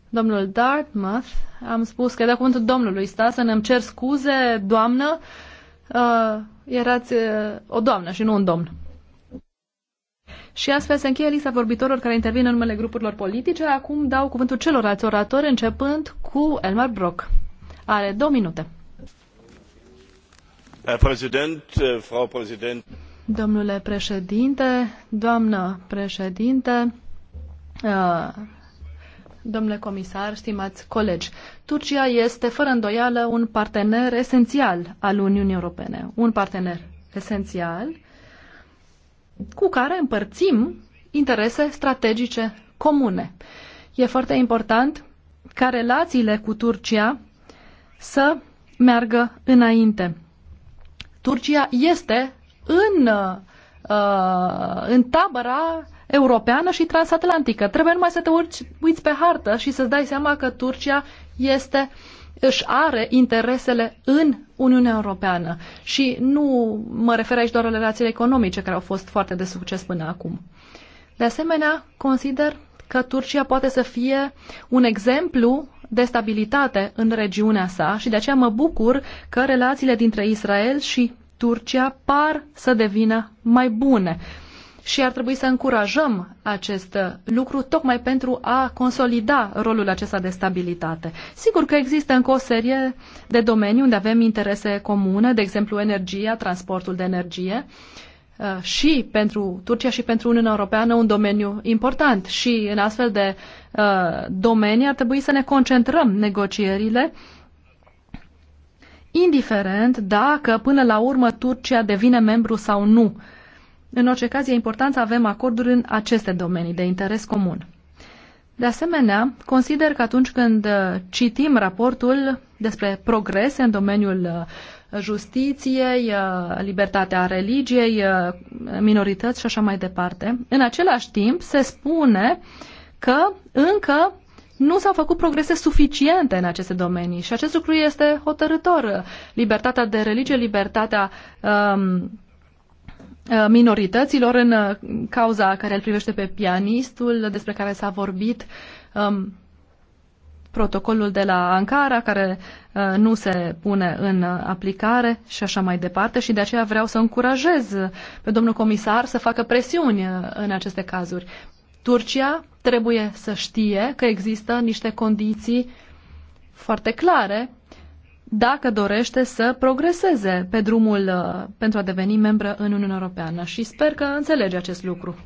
domnul Dartmouth, am spus că de cuvântul domnului Stasen, îmi cer scuze, doamnă, uh, erați uh, o doamnă și nu un domn. Și astfel se încheie lista vorbitorilor care intervin în numele grupurilor politice. Acum dau cuvântul celorlalți oratori, începând cu Elmar Brock. Are două minute. Äh, domnule președinte, doamnă președinte, uh, domnule comisar, stimați colegi, Turcia este fără îndoială un partener esențial al Uniunii Europene. Un partener esențial cu care împărțim interese strategice comune. E foarte important ca relațiile cu Turcia să meargă înainte. Turcia este în, uh, în tabăra europeană și transatlantică. Trebuie numai să te urci, uiți pe hartă și să-ți dai seama că Turcia este își are interesele în Uniunea Europeană. Și nu mă refer aici doar la relațiile economice care au fost foarte de succes până acum. De asemenea, consider că Turcia poate să fie un exemplu de stabilitate în regiunea sa și de aceea mă bucur că relațiile dintre Israel și Turcia par să devină mai bune. Și ar trebui să încurajăm acest lucru tocmai pentru a consolida rolul acesta de stabilitate. Sigur că există încă o serie de domenii unde avem interese comune, de exemplu energia, transportul de energie, uh, Uh, și pentru Turcia și pentru Uniunea Europeană un domeniu important și în astfel de uh, domenii ar trebui să ne concentrăm negocierile indiferent dacă până la urmă Turcia devine membru sau nu. În orice caz, e important să avem acorduri în aceste domenii de interes comun. De asemenea, consider că atunci când uh, citim raportul despre progrese în domeniul justiției, uh, libertatea religiei, uh, minorități și așa mai departe. În același timp, se spune că încă nu s-au făcut progrese suficiente în aceste domenii și acest lucru este hotărător. Libertatea de religie, libertatea um, uh, minorităților în cauza care îl privește pe pianistul despre care s-a vorbit um, protocolul de la Ankara, care uh, nu se pune în aplicare și așa mai departe și de aceea vreau să încurajez pe domnul comisar să facă presiuni uh, în aceste cazuri. Turcia trebuie să știe că există niște condiții foarte clare dacă dorește să progreseze pe drumul uh, pentru a deveni membră în Uniunea Europeană și sper că înțelege acest lucru.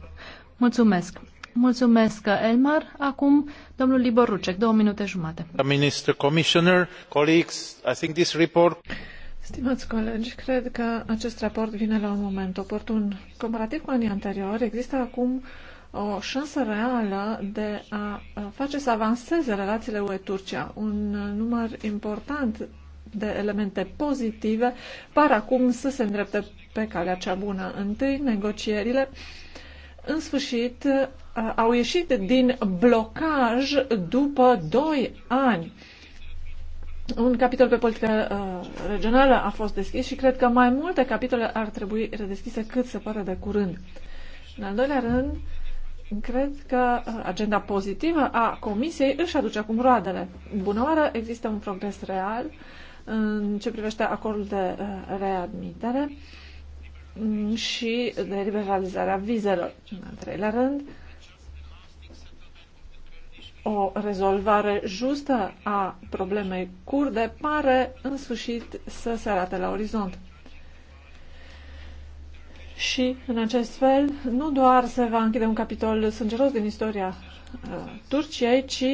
Mulțumesc! Mulțumesc, Elmar. Acum, domnul Libor Rucek, două minute jumate. Minister, Commissioner, colleagues, I think this report... Stimați colegi, cred că acest raport vine la un moment oportun. Comparativ cu anii anteriori, există acum o șansă reală de a face să avanseze relațiile UE-Turcia. Un număr important de elemente pozitive par acum să se îndrepte pe calea cea bună. Întâi, negocierile în sfârșit, uh, au ieșit din blocaj după 2 ani. Un capitol pe politică uh, regională a fost deschis și cred că mai multe capitole ar trebui redeschise cât se pare de curând. În al doilea rând, cred că uh, agenda pozitivă a Comisiei își aduce acum roadele. Bună oară, există un progres real în ce privește acordul de readmitere. Uh, Mm, și de liberalizarea vizelor. În al treilea rând, o rezolvare justă a problemei curde pare în sfârșit să se arate la orizont. Și, în acest fel, nu doar se va închide un capitol sângeros din istoria uh, Turciei, ci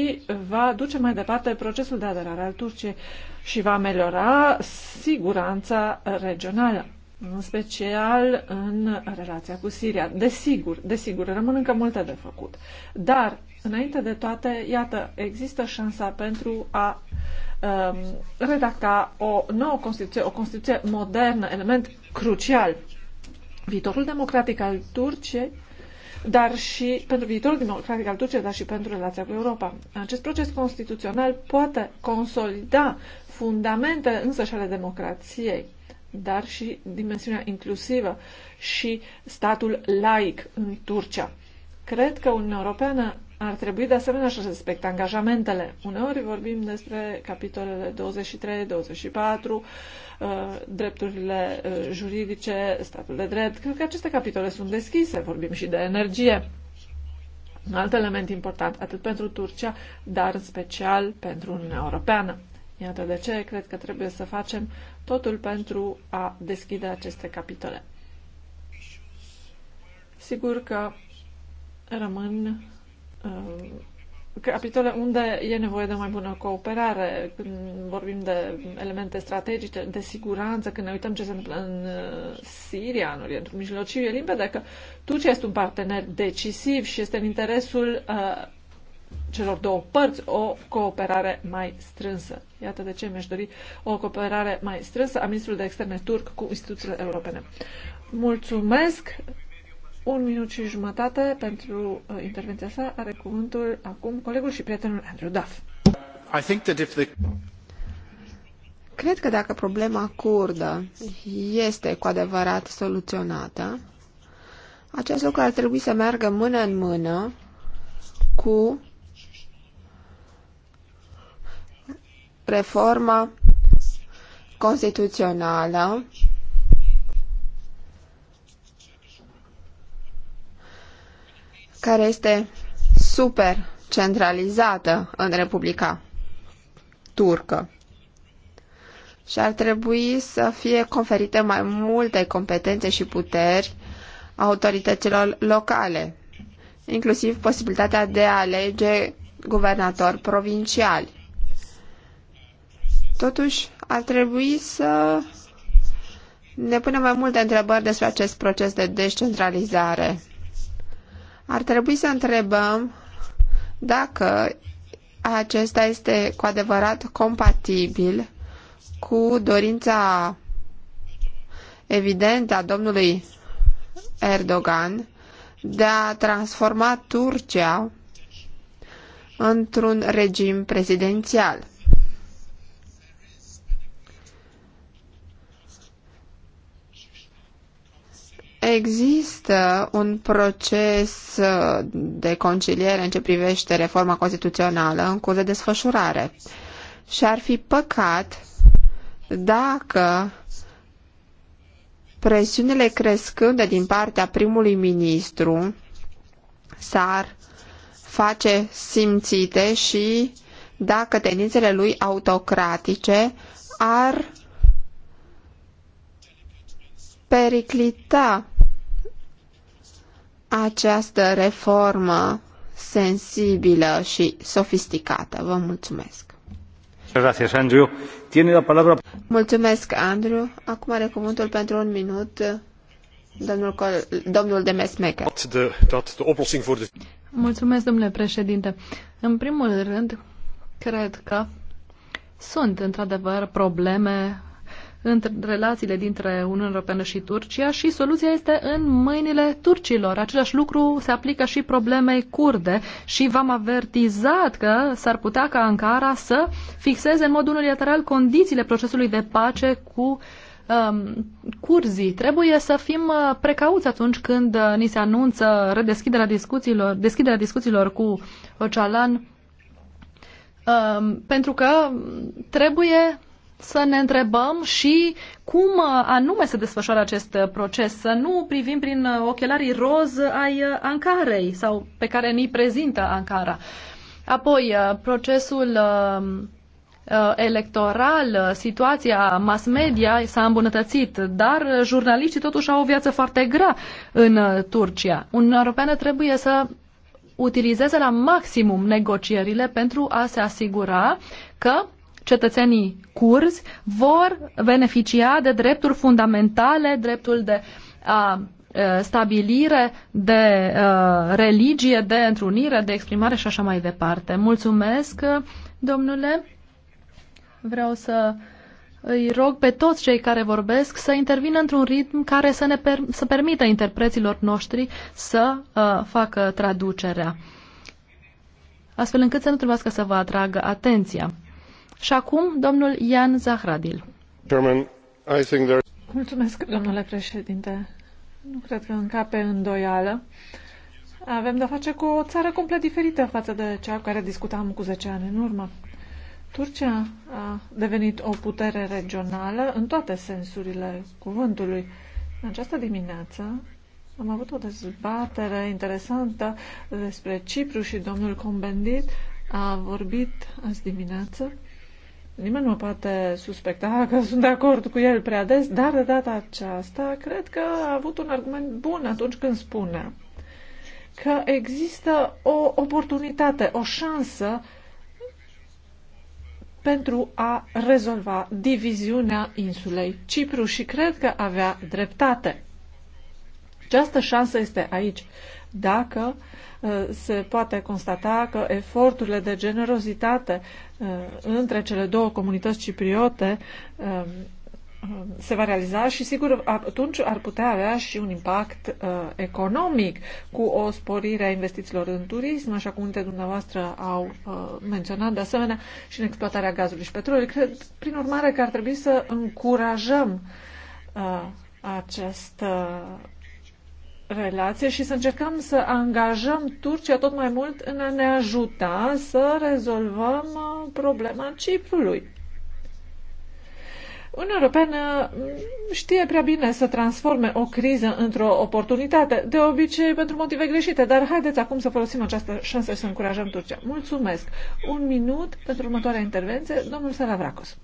va duce mai departe procesul de aderare al Turciei și va ameliora siguranța regională în special în relația cu Siria. Desigur, desigur, rămân încă multe de făcut. Dar, înainte de toate, iată, există șansa pentru a um, redacta o nouă Constituție, o Constituție modernă, element crucial. Viitorul democratic al Turciei dar și pentru viitorul democratic al Turciei, dar și pentru relația cu Europa. Acest proces constituțional poate consolida fundamente și ale democrației dar și dimensiunea inclusivă și statul laic în Turcia. Cred că Uniunea Europeană ar trebui de asemenea să respecte angajamentele. Uneori vorbim despre capitolele 23, 24, uh, drepturile uh, juridice, statul de drept. Cred că aceste capitole sunt deschise. Vorbim și de energie. Un alt element important, atât pentru Turcia, dar în special pentru Uniunea Europeană. Iată de ce cred că trebuie să facem totul pentru a deschide aceste capitole. Sigur că rămân uh, capitole unde e nevoie de mai bună cooperare, când vorbim de elemente strategice, de siguranță, când ne uităm ce se întâmplă în uh, Siria, în Orientul Mijlociu, e limpede că Turcia este un partener decisiv și este în interesul uh, celor două părți o cooperare mai strânsă. Iată de ce mi-aș dori o cooperare mai strânsă a ministrului de externe turc cu instituțiile europene. Mulțumesc! Un minut și jumătate pentru uh, intervenția sa are cuvântul acum colegul și prietenul Andrew Duff. I think that if the... Cred că dacă problema curdă este cu adevărat soluționată, acest lucru ar trebui să meargă mână în mână cu reforma constituțională care este super centralizată în Republica Turcă și ar trebui să fie conferite mai multe competențe și puteri autorităților locale, inclusiv posibilitatea de a alege guvernatori provinciali. Totuși, ar trebui să ne punem mai multe întrebări despre acest proces de descentralizare. Ar trebui să întrebăm dacă acesta este cu adevărat compatibil cu dorința evidentă a domnului Erdogan de a transforma Turcia într-un regim prezidențial. Există un proces uh, de conciliere în ce privește reforma constituțională în curs de desfășurare și ar fi păcat dacă presiunile crescânde din partea primului ministru s-ar face simțite și dacă tendințele lui autocratice ar periclita această reformă sensibilă și sofisticată. Vă mulțumesc. Gracias, Andrew. Tiene la palabra... Mulțumesc, Andrew. Acum are cuvântul pentru un minut domnul, domnul de Mesmecă. Mulțumesc, domnule președinte. În primul rând, cred că sunt într-adevăr probleme între relațiile dintre Uniunea Europeană și Turcia și soluția este în mâinile turcilor. Același lucru se aplică și problemei curde și v-am avertizat că s-ar putea ca Ankara să fixeze în mod unilateral condițiile procesului de pace cu um, curzii. Trebuie să fim uh, precauți atunci când uh, ni se anunță redeschiderea discuțiilor, deschiderea discuțiilor cu Ocalan um, pentru că trebuie să ne întrebăm și cum uh, anume se desfășoară acest uh, proces, să nu privim prin uh, ochelarii roz ai Ankarei sau pe care ni prezintă Ankara. Apoi, procesul um, electoral, situația mass media s-a îmbunătățit, dar jurnaliștii totuși au o viață foarte grea în Turcia. Un european trebuie să utilizeze la maximum negocierile pentru a se asigura că cetățenii curzi vor beneficia de drepturi fundamentale, dreptul de a stabilire, de uh, religie, de întrunire, de exprimare și așa mai departe. Mulțumesc, domnule. Vreau să îi rog pe toți cei care vorbesc să intervină într-un ritm care să, ne per să permită interpreților noștri să uh, facă traducerea, astfel încât să nu trebuiască să vă atragă atenția. Și acum, domnul Ian Zahradil. Mulțumesc, domnule președinte. Nu cred că încape îndoială. Avem de-a face cu o țară complet diferită față de cea cu care discutam cu 10 ani în urmă. Turcia a devenit o putere regională în toate sensurile cuvântului. În această dimineață am avut o dezbatere interesantă despre Cipru și domnul Combendit a vorbit azi dimineață Nimeni nu poate suspecta că sunt de acord cu el prea des, dar de data aceasta cred că a avut un argument bun atunci când spune că există o oportunitate, o șansă pentru a rezolva diviziunea insulei Cipru și cred că avea dreptate. Această șansă este aici. Dacă uh, se poate constata că eforturile de generozitate uh, între cele două comunități cipriote um, um, se va realiza și sigur atunci ar putea avea și un impact uh, economic cu o sporire a investițiilor în turism, așa cum multe dumneavoastră au uh, menționat de asemenea și în exploatarea gazului și petrolului. Cred, prin urmare, că ar trebui să încurajăm uh, acest, uh, relație și să încercăm să angajăm Turcia tot mai mult în a ne ajuta să rezolvăm uh, problema Ciprului. Uniunea Europeană mm, știe prea bine să transforme o criză într-o oportunitate, de obicei pentru motive greșite, dar haideți acum să folosim această șansă și să încurajăm Turcia. Mulțumesc! Un minut pentru următoarea intervenție, domnul Salavracos.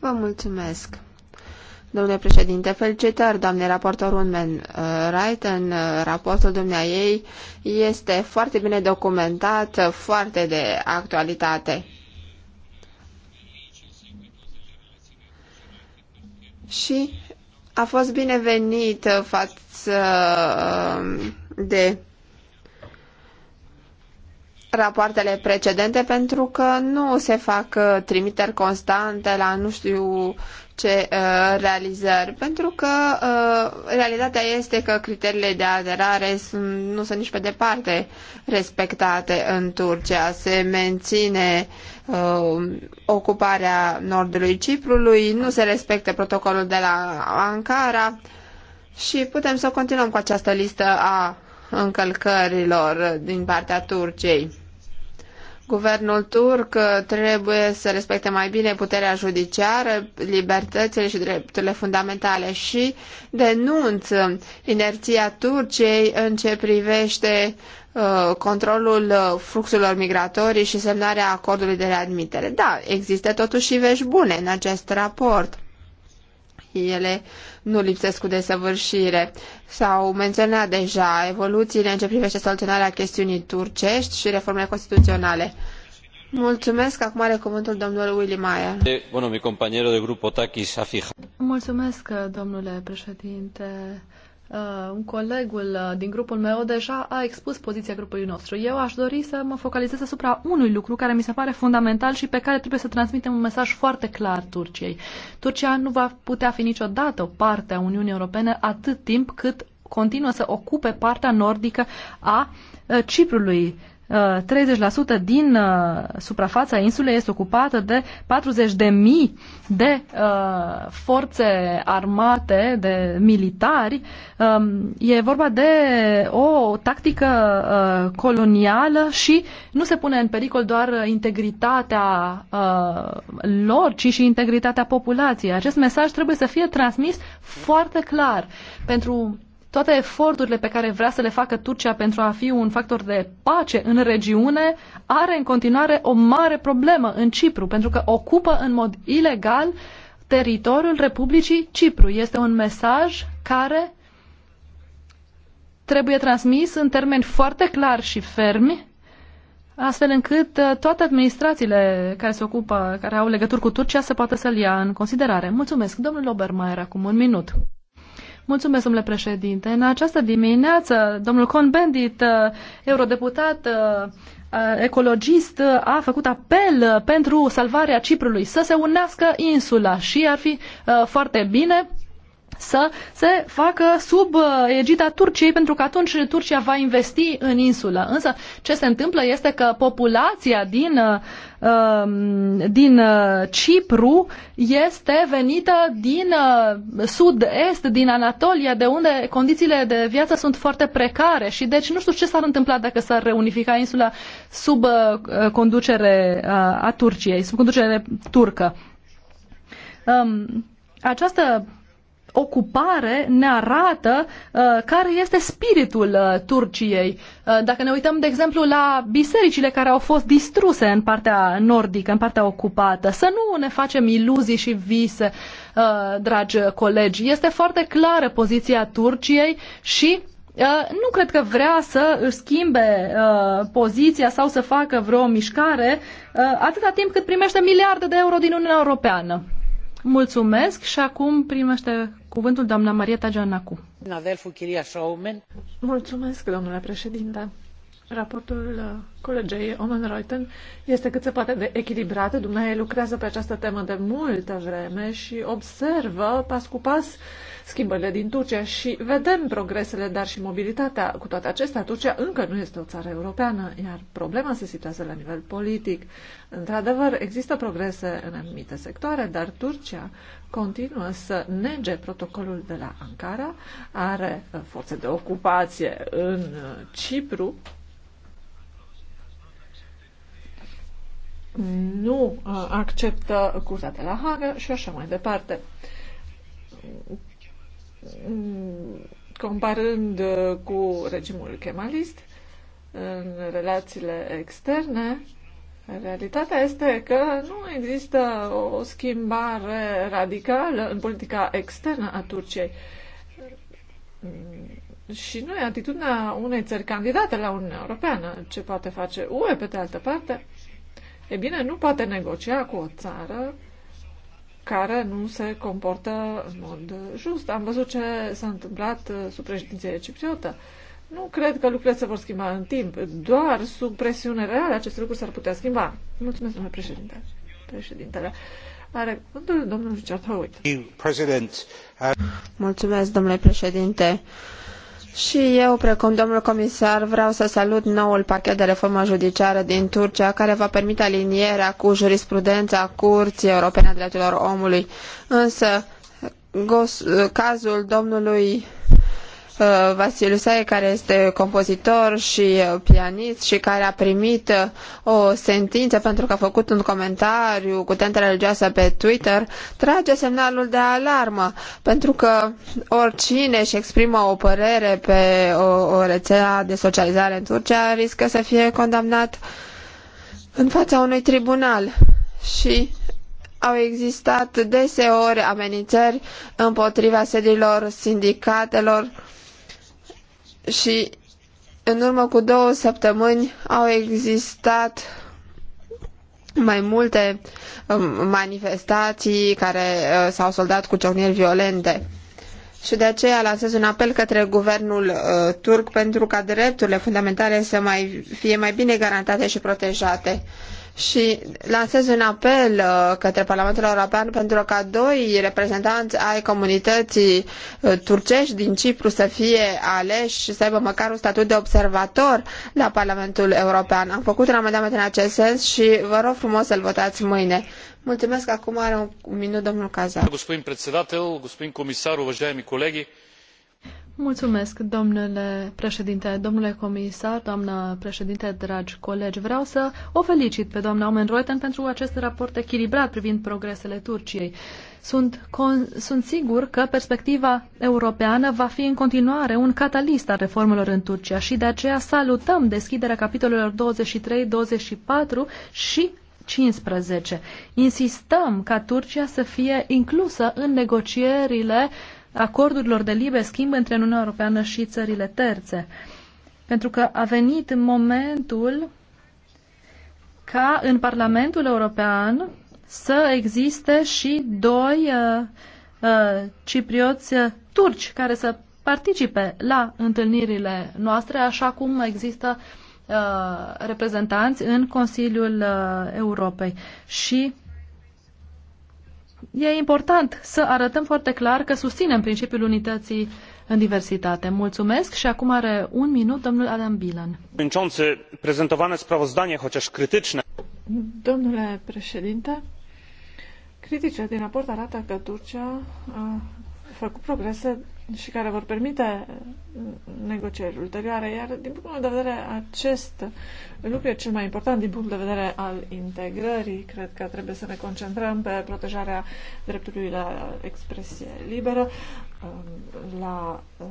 Vă mulțumesc! Domnule președinte, felicitări, doamne raportor Unmen uh, Wright, în uh, raportul dumneai ei este foarte bine documentat, uh, foarte de actualitate. Și a fost binevenit față de rapoartele precedente pentru că nu se fac uh, trimiteri constante la nu știu ce uh, realizări, pentru că uh, realitatea este că criteriile de aderare nu sunt nici pe departe respectate în Turcia. Se menține ocuparea nordului Ciprului, nu se respectă protocolul de la Ankara și putem să continuăm cu această listă a încălcărilor din partea Turciei. Guvernul turc trebuie să respecte mai bine puterea judiciară, libertățile și drepturile fundamentale și denunță inerția Turciei în ce privește uh, controlul uh, fluxurilor migratorii și semnarea acordului de readmitere. Da, există totuși și vești bune în acest raport ele nu lipsesc cu desăvârșire. S-au menționat deja evoluțiile în ce privește soluționarea chestiunii turcești și reformele constituționale. Mulțumesc, acum are cuvântul domnul Willy Mayer. Bueno, mi compañero de grupo Takis a fijat. Mulțumesc, domnule președinte. Uh, un colegul uh, din grupul meu deja a expus poziția grupului nostru. Eu aș dori să mă focalizez asupra unui lucru care mi se pare fundamental și pe care trebuie să transmitem un mesaj foarte clar Turciei. Turcia nu va putea fi niciodată o parte a Uniunii Europene atât timp cât continuă să ocupe partea nordică a uh, Ciprului 30% din uh, suprafața insulei este ocupată de 40.000 de de uh, forțe armate, de militari. Um, e vorba de o tactică uh, colonială și nu se pune în pericol doar integritatea lor, ci și integritatea populației. Acest mesaj trebuie să fie transmis foarte clar pentru toate eforturile pe care vrea să le facă Turcia pentru a fi un factor de pace în regiune, are în continuare o mare problemă în Cipru, pentru că ocupă în mod ilegal teritoriul Republicii Cipru. Este un mesaj care trebuie transmis în termeni foarte clari și fermi, astfel încât uh, toate administrațiile care se ocupă, care au legături cu Turcia, să poată să-l ia în considerare. Mulțumesc. Domnul Obermaier, acum un minut. Mulțumesc, domnule președinte. În această dimineață, domnul Con bendit uh, eurodeputat uh, uh, ecologist, a făcut apel pentru salvarea Ciprului să se unească insula și ar fi foarte bine să se facă sub uh, egida Turciei, pentru că atunci Turcia va investi în insulă. Însă ce se întâmplă este că populația din, uh, um, din uh, Cipru este venită din sud-est, din Anatolia, de unde condițiile de viață sunt foarte precare și deci nu știu ce s-ar întâmpla dacă s-ar reunifica insula sub conducere a Turciei, sub conducere turcă. Um, această ocupare ne arată uh, care este spiritul uh, Turciei. Uh, dacă ne uităm, de exemplu, la bisericile care au fost distruse în partea nordică, în partea ocupată, să nu ne facem iluzii și vise, uh, dragi colegi. Este foarte clară poziția Turciei și uh, nu cred că vrea să își schimbe uh, poziția sau să facă vreo mișcare uh, atâta timp cât primește miliarde de euro din Uniunea Europeană. Mulțumesc și acum primește cuvântul doamna Marieta Giannacu. Mulțumesc, domnule președinte. Raportul uh, colegei Omen Reuten este cât se poate de echilibrat. Dumnezeu lucrează pe această temă de multă vreme și observă pas cu pas uh, schimbările din Turcia și vedem progresele, dar și mobilitatea. Cu toate acestea, Turcia încă nu este o țară europeană, iar problema se situează la nivel politic. Într-adevăr, există progrese în anumite sectoare, dar Turcia continuă să nege protocolul de la Ankara, are uh, forțe de ocupație în uh, Cipru, nu uh, acceptă curtea de la Hagă și așa mai departe comparând uh, cu regimul chemalist în relațiile externe, realitatea este că nu există o schimbare radicală în politica externă a Turciei. Și nu e atitudinea unei țări candidate la Uniunea Europeană. Ce poate face UE, pe de altă parte? E bine, nu poate negocia cu o țară care nu se comportă în mod just. Am văzut ce s-a întâmplat uh, sub președinția cipriotă. Nu cred că lucrurile se vor schimba în timp. Doar sub presiune reală aceste lucruri s-ar putea schimba. Mulțumesc, domnule președinte. Președintele. Are cuvântul domnul Richard Howitt. Uh, Mulțumesc, domnule președinte. Și eu, precum domnul comisar, vreau să salut noul pachet de reformă judiciară din Turcia, care va permite alinierea cu jurisprudența Curții Europene a Drepturilor Omului. Însă, cazul domnului Uh, Vasile Sae, care este compozitor și uh, pianist și care a primit uh, o sentință pentru că a făcut un comentariu cu tentă religioasă pe Twitter, trage semnalul de alarmă, pentru că oricine și exprimă o părere pe o, o rețea de socializare în Turcia riscă să fie condamnat în fața unui tribunal. Și au existat deseori amenințări împotriva sediilor sindicatelor și în urmă cu două săptămâni au existat mai multe um, manifestații care uh, s-au soldat cu ciocniri violente. Și de aceea lansez un apel către guvernul uh, turc pentru ca drepturile fundamentale să mai fie mai bine garantate și protejate și lansez un apel uh, către Parlamentul European pentru ca doi reprezentanți ai comunității uh, turcești din Cipru să fie aleși și să aibă măcar un statut de observator la Parlamentul European. Am făcut un amendament în acest sens și vă rog frumos să-l votați mâine. Mulțumesc. Acum are un minut domnul Cazar. Господин председател, господин Mulțumesc, domnule președinte, domnule comisar, doamnă președinte, dragi colegi. Vreau să o felicit pe doamna Omen Reuten pentru acest raport echilibrat privind progresele Turciei. Sunt, con, sunt sigur că perspectiva europeană va fi în continuare un catalist al reformelor în Turcia și de aceea salutăm deschiderea capitolelor 23-24 și 15. Insistăm ca Turcia să fie inclusă în negocierile uh, acordurilor de liber schimb între Uniunea Europeană și țările terțe. Pentru că a venit momentul ca în Parlamentul European să existe și doi uh, uh, ciprioți uh, turci care să participe la întâlnirile noastre, așa cum există uh, reprezentanți în Consiliul uh, Europei. Și E important să arătăm foarte clar că susținem principiul unității în diversitate. Mulțumesc și acum are un minut domnul Adam Bilan. Domnule președinte, criticile din raport arată că Turcia a făcut progrese și care vor permite uh, negocieri ulterioare, iar din punctul meu de vedere acest lucru e cel mai important din punctul de vedere al integrării. Cred că trebuie să ne concentrăm pe protejarea dreptului la expresie liberă, uh, la uh,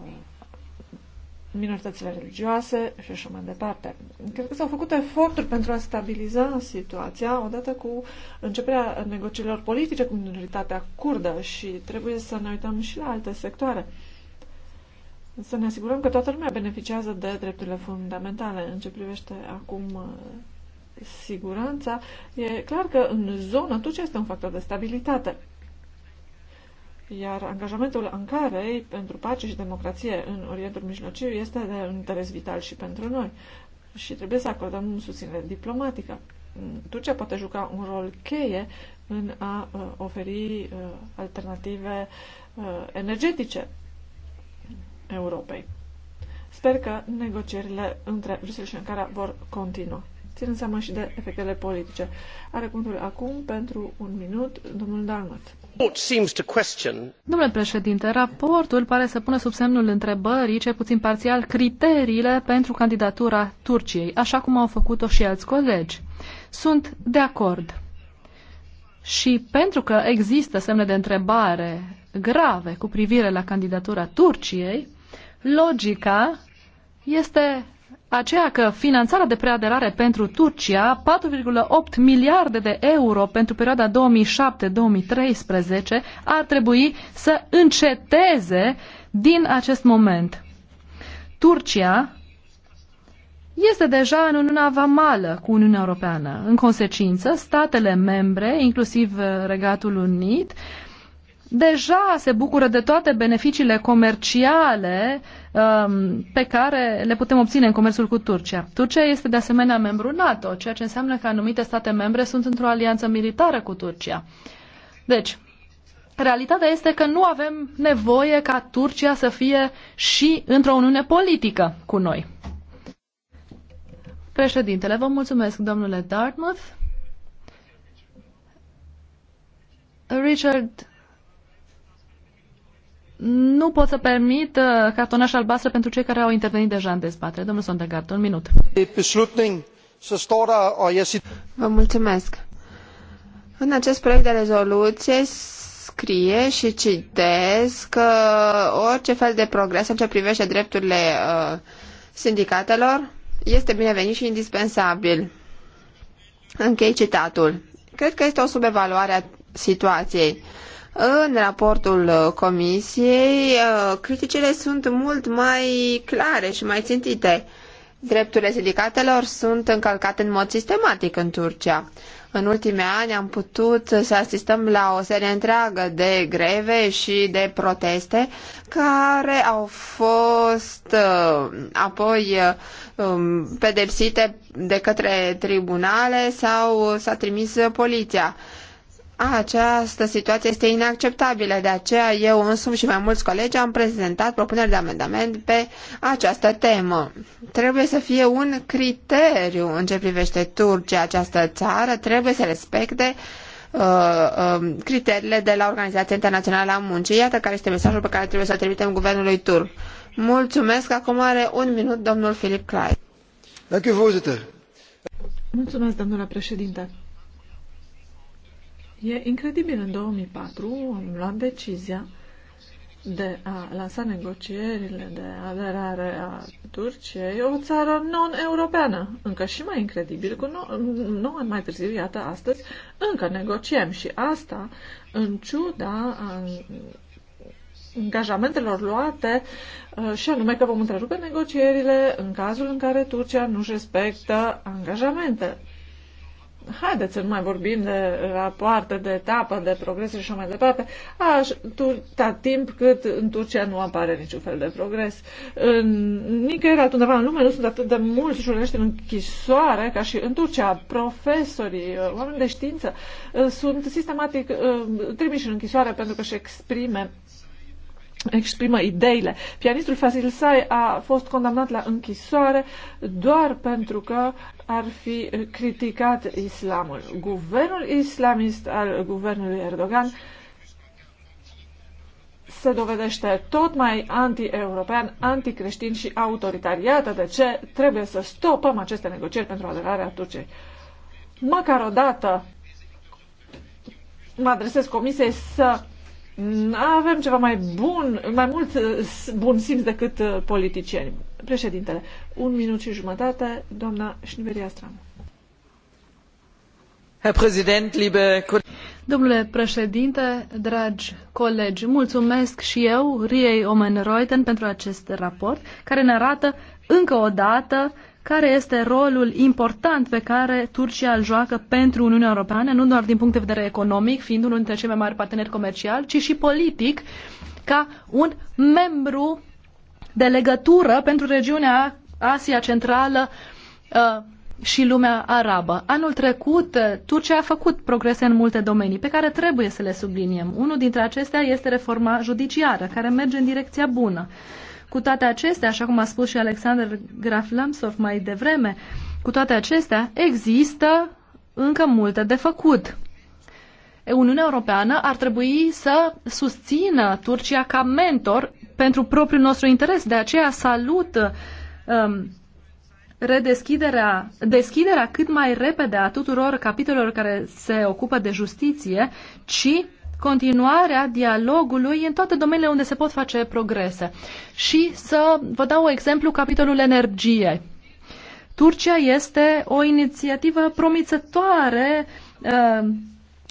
minoritățile religioase și așa mai departe. Cred că s-au făcut eforturi pentru a stabiliza situația odată cu începerea negocierilor politice cu minoritatea kurdă și trebuie să ne uităm și la alte sectoare să ne asigurăm că toată lumea beneficiază de drepturile fundamentale. În ce privește acum uh, siguranța, e clar că în zonă tot ce este un factor de stabilitate. Iar angajamentul Ankarei pentru pace și democrație în Orientul Mijlociu este de un interes vital și pentru noi și trebuie să acordăm susținere diplomatică. Turcia poate juca un rol cheie în a uh, oferi uh, alternative energetice Europei. Sper că negocierile între Bruxelles și Ankara vor continua. Ținând seama și de efectele politice. Are cuvântul acum, pentru un minut, domnul Darnot. Domnule președinte, raportul pare să pună sub semnul întrebării, cel puțin parțial, criteriile pentru candidatura Turciei, așa cum au făcut-o și alți colegi. Sunt de acord. Și pentru că există semne de întrebare grave cu privire la candidatura Turciei, logica este aceea că finanțarea de preaderare pentru Turcia, 4,8 miliarde de euro pentru perioada 2007-2013, ar trebui să înceteze din acest moment. Turcia este deja în Uniunea Vamală cu Uniunea Europeană. În consecință, statele membre, inclusiv Regatul Unit, uh, deja se bucură de toate beneficiile comerciale um, pe care le putem obține în comerțul cu Turcia. Turcia este de asemenea membru NATO, ceea ce înseamnă că anumite state membre sunt într-o alianță militară cu Turcia. Deci, realitatea este că nu avem nevoie ca Turcia să fie și într-o uniune politică cu noi. Președintele, vă mulțumesc, domnule Dartmouth. Richard nu pot să permit uh, cartonaș albastră pentru cei care au intervenit deja în dezbatere. Domnul Sondergaard, un minut. Vă mulțumesc. În acest proiect de rezoluție scrie și citez că orice fel de progres în ce privește drepturile uh, sindicatelor este binevenit și indispensabil. Închei citatul. Cred că este o subevaluare a situației. Uh, în raportul uh, comisiei, uh, criticile sunt mult mai clare și mai țintite. Drepturile sindicatelor sunt încălcate în mod sistematic în Turcia. În ultimii ani am putut să asistăm la o serie întreagă de greve și de proteste care au fost uh, apoi um, pedepsite de către tribunale sau s-a trimis poliția. Această situație este inacceptabilă, de aceea eu însumi și mai mulți colegi am prezentat propuneri de amendament pe această temă. Trebuie să fie un criteriu în ce privește Turcia, această țară, trebuie să respecte uh, um, criteriile de la Organizația Internațională a Muncii. Iată care este mesajul pe care trebuie să-l trimitem guvernului turc. Mulțumesc. Acum are un minut domnul Filip Clay. Mulțumesc, domnule președinte. E incredibil, în 2004 am luat decizia de a lansa negocierile de aderare a Turciei, o țară non-europeană. Încă și mai incredibil, cu nu am ani mai târziu, iată, astăzi, încă negociem și asta în ciuda angajamentelor luate uh, și anume că vom întrerupe negocierile în cazul în care Turcia nu-și respectă angajamentele haideți să nu mai vorbim de rapoarte, de etapă, de progrese și așa mai departe, aș, turta timp cât în Turcia nu apare niciun fel de progres. În nicăieri altundeva în lume nu sunt atât de mulți jurnaliști în închisoare ca și în Turcia. Profesorii, uh, oameni de știință uh, sunt sistematic uh, trimiși în închisoare pentru că își exprime exprimă ideile. Pianistul Fasil Sai a fost condamnat la închisoare doar pentru că ar fi criticat islamul. Guvernul islamist al guvernului Erdogan se dovedește tot mai anti-european, anticreștin și autoritar. Iată de ce trebuie să stopăm aceste negocieri pentru aderarea Turciei. Măcar o dată mă adresez comisiei să avem ceva mai bun, mai mult uh, bun simț decât uh, politicieni. Președintele, un minut și jumătate, doamna Șniveria Stram. Liebe... Domnule președinte, dragi colegi, mulțumesc și eu, Riei Reuten, pentru acest raport, care ne arată încă o dată care este rolul important pe care Turcia îl joacă pentru Uniunea Europeană, nu doar din punct de vedere economic, fiind unul dintre cei mai mari parteneri comerciali, ci și politic, ca un membru de legătură pentru regiunea Asia Centrală uh, și lumea arabă. Anul trecut, uh, Turcia a făcut progrese în multe domenii pe care trebuie să le subliniem. Unul dintre acestea este reforma judiciară, care merge în direcția bună. Cu toate acestea, așa cum a spus și Alexander Graf Lamsov mai devreme, cu toate acestea există încă multe de făcut. Uniunea Europeană ar trebui să susțină Turcia ca mentor pentru propriul nostru interes. De aceea salut um, redeschiderea, deschiderea cât mai repede a tuturor capitolelor care se ocupă de justiție, ci continuarea dialogului în toate domeniile unde se pot face progrese. Și să vă dau un exemplu capitolul energie. Turcia este o inițiativă promițătoare uh,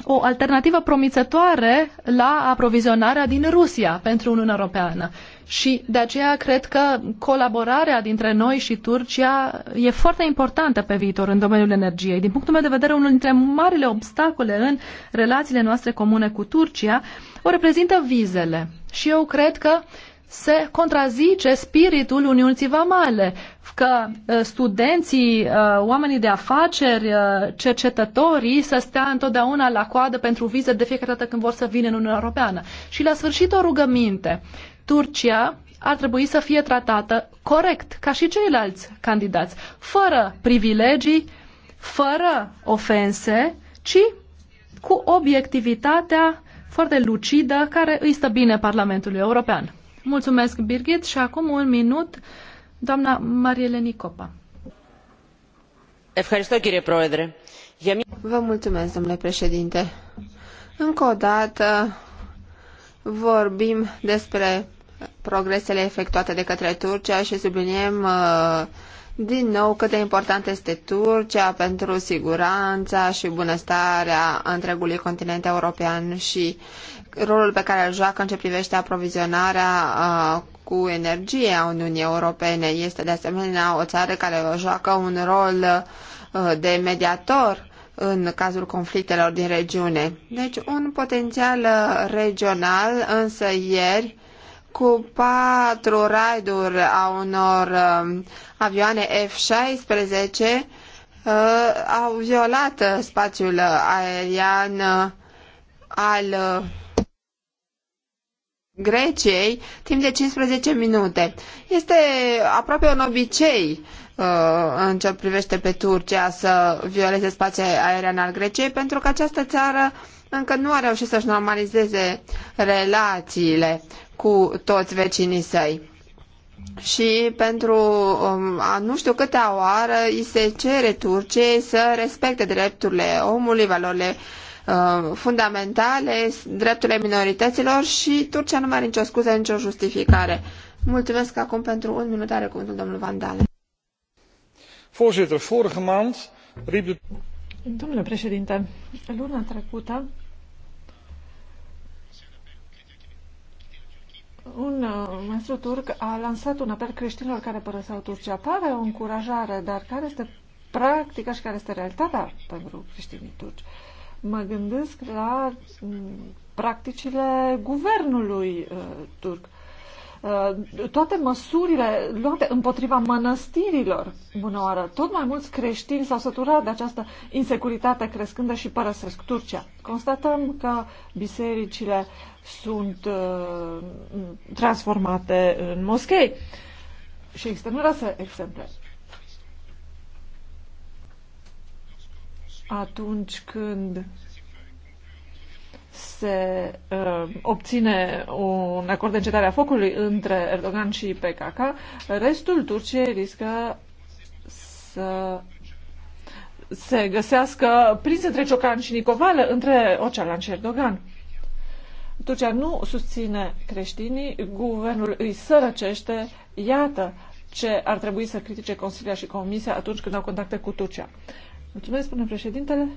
o alternativă promițătoare la aprovizionarea din Rusia pentru Uniunea Europeană. Și de aceea cred că colaborarea dintre noi și Turcia e foarte importantă pe viitor în domeniul energiei. Din punctul meu de vedere, unul dintre marile obstacole în relațiile noastre comune cu Turcia o reprezintă vizele. Și eu cred că uh, se contrazice spiritul Uniunții Vamale, că uh, studenții, uh, oamenii de afaceri, uh, cercetătorii să stea întotdeauna la coadă pentru vize de fiecare dată când vor să vină în Uniunea Europeană. Și la sfârșit o rugăminte. Turcia ar trebui să fie tratată corect, ca și ceilalți candidați, fără privilegii, fără ofense, ci cu obiectivitatea foarte lucidă care îi stă bine Parlamentului European. Mulțumesc, Birgit. Și acum un minut, doamna Mariele Nicopa. Vă mulțumesc, domnule președinte. Încă o dată vorbim despre progresele efectuate de către Turcia și subliniem uh, din nou cât de importantă este Turcia pentru siguranța și bunăstarea întregului continent european și rolul pe care îl joacă în ce privește aprovizionarea uh, cu energie a Uniunii Europene. Este de asemenea o țară care joacă un rol uh, de mediator în cazul conflictelor din regiune. Deci un potențial uh, regional, însă ieri cu patru raiduri a unor uh, avioane F-16 uh, au violat spațiul aerian al Greciei timp de 15 minute. Este aproape un obicei uh, în ce privește pe Turcia să violeze spațiul aerian al Greciei pentru că această țară încă nu a reușit să-și normalizeze relațiile cu toți vecinii săi. Și pentru um, a nu știu câtea oară îi se cere Turciei să respecte drepturile omului, valorile uh, Uh, fundamentale, drepturile minorităților și Turcia nu mai are nicio scuză, nicio justificare. Mulțumesc acum pentru un minut are cuvântul domnul Vandale. Voorzitter, vorige maand riep de... Domnule președinte, luna trecută un uh, maestru turc a lansat un apel creștinilor care părăseau Turcia. Pare o încurajare, dar care este practica și care este realitatea pentru creștinii turci? Uh, Mă gândesc la mm, practicile guvernului uh, turc. Uh, toate măsurile luate împotriva mănăstirilor, bună oară, tot mai mulți creștini s-au săturat de această insecuritate crescândă și părăsesc Turcia. Constatăm că bisericile sunt uh, transformate în moschei. Și există numeroase exemple. atunci când se uh, obține un acord de încetare a focului între Erdogan și PKK, restul Turciei riscă să se găsească prins între Ciocan și Nicovală, între Ocalan și Erdogan. Turcia nu susține creștinii, guvernul îi sărăcește, iată ce ar trebui să critique Consilia și Comisia atunci când au contacte cu Turcia. Mulțumesc, domnule președintele.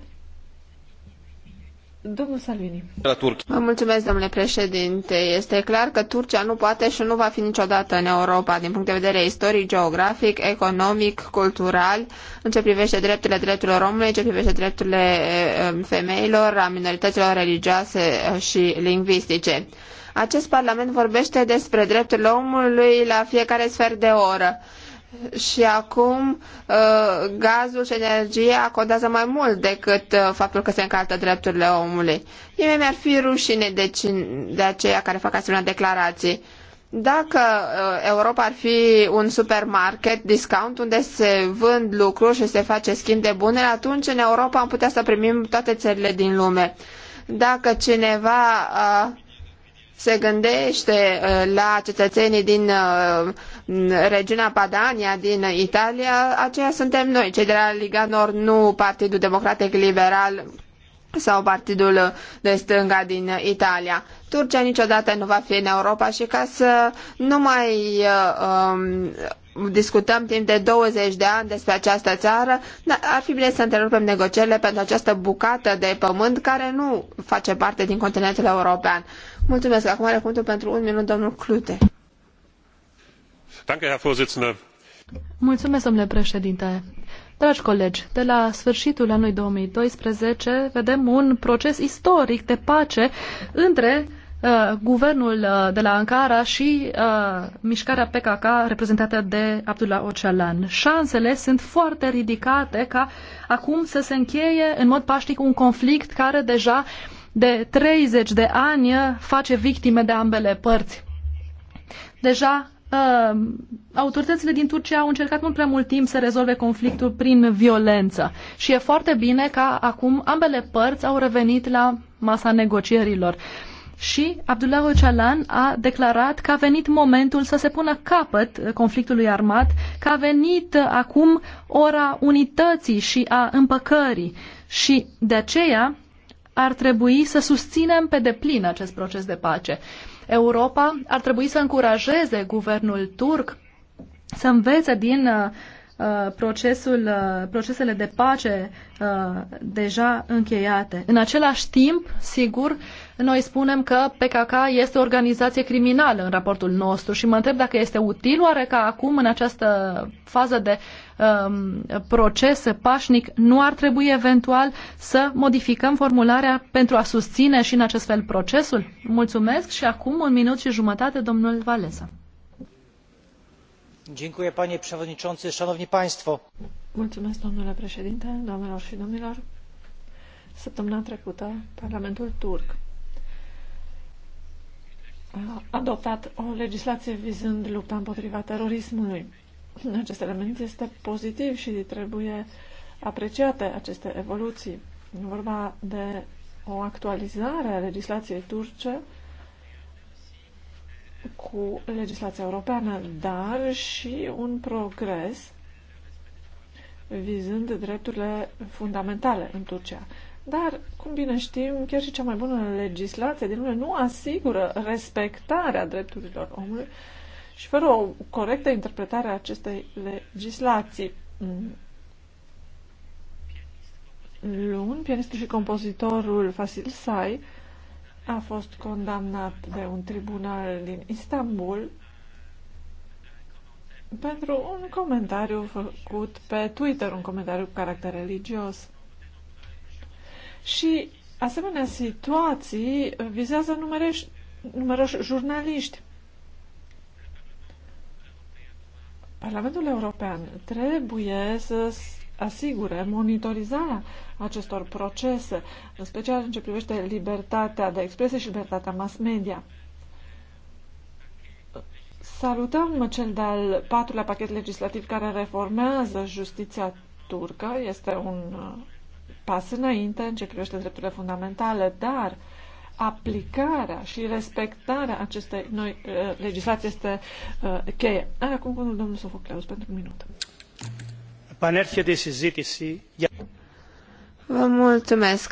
Domnul Salvini. La Turcia. Vă mulțumesc, domnule președinte. Este clar că Turcia nu poate și nu va fi niciodată în Europa din punct de vedere istoric, geografic, economic, cultural, în ce privește drepturile drepturilor omului, în ce privește drepturile eh, eh, femeilor, a minorităților religioase eh, și lingvistice. Acest parlament vorbește despre drepturile omului la fiecare sfert de oră și acum uh, gazul și energia contează mai mult decât uh, faptul că se încalcă drepturile omului. Mie mi-ar fi rușine de, de aceia care fac asemenea declarații. Dacă uh, Europa ar fi un supermarket, discount, unde se vând lucruri și se face schimb de bune, atunci în Europa am putea să primim toate țările din lume. Dacă cineva se gândește la cetățenii din regiunea Padania din Italia, aceia suntem noi, cei de la Liga Nord, nu Partidul Democratic Liberal sau partidul de stânga din Italia. Turcia niciodată nu va fi în Europa și ca să nu mai um, discutăm timp de 20 de ani despre această țară, da, ar fi bine să întrerupem negocierile pentru această bucată de pământ care nu face parte din continentul european. Mulțumesc. Acum are cuvântul pentru un minut domnul Clute. Mulțumesc, domnule președinte. Dragi colegi, de la sfârșitul anului 2012 vedem un proces istoric de pace între uh, guvernul uh, de la Ankara și uh, mișcarea PKK reprezentată de Abdullah Ocalan. Șansele sunt foarte ridicate ca acum să se încheie în mod pașnic un conflict care deja de 30 de ani face victime de ambele părți. Deja uh, autoritățile din Turcia au încercat mult prea mult timp să rezolve conflictul prin violență. Și e foarte bine că acum ambele părți au revenit la masa negocierilor. Și Abdullah Öcalan a declarat că a venit momentul să se pună capăt conflictului armat, că a venit acum ora unității și a împăcării. Și de aceea ar trebui să susținem pe deplin acest proces de pace. Uh, Europa ar trebui să încurajeze guvernul turc să învețe din uh, Uh, procesul, uh, procesele de pace uh, deja încheiate. În același timp, sigur, noi spunem că PKK este o organizație criminală în raportul nostru și mă întreb dacă este util oare ca acum, în această fază de um, proces pașnic, nu ar trebui eventual să modificăm formularea pentru a susține și în acest fel procesul? Mulțumesc și acum un minut și jumătate, domnul Valesa panie przewodniczący! szanowni państwo! săptămâna trecută parlamentul turc a adoptat o legislație vizând lupta împotriva terorismului. Acest element este pozitiv și trebuie apreciate aceste evoluții. E vorba de o actualizare a legislației turce cu legislația europeană, dar și un progres vizând drepturile fundamentale în Turcia. Dar, cum bine știm, chiar și cea mai bună legislație din lume nu asigură respectarea drepturilor omului și fără o corectă interpretare a acestei legislații. Luni, pianistul și compozitorul Fasil Sai a fost condamnat de un tribunal din Istanbul pentru un comentariu făcut pe Twitter, un comentariu cu caracter religios. Și asemenea situații vizează numerești, numeroși jurnaliști. Parlamentul European trebuie să asigure monitorizarea acestor procese, în special în ce privește libertatea de expresie și libertatea mass media. Salutăm cel de-al patrulea pachet legislativ care reformează justiția turcă. Este un uh, pas înainte în ce privește drepturile fundamentale, dar aplicarea și respectarea acestei noi uh, legislații este uh, cheie. acum cuvântul domnul Sofocleus pentru un minut πανέρχεται η συζήτηση Vă mulțumesc.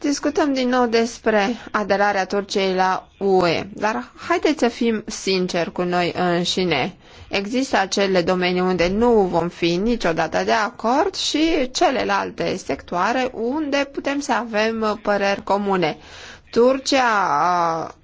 Discutăm din nou despre aderarea Turciei la UE, dar haideți să fim sinceri cu noi înșine. Există acele domenii unde nu vom fi niciodată de acord și celelalte sectoare unde putem să avem păreri comune. Turcia a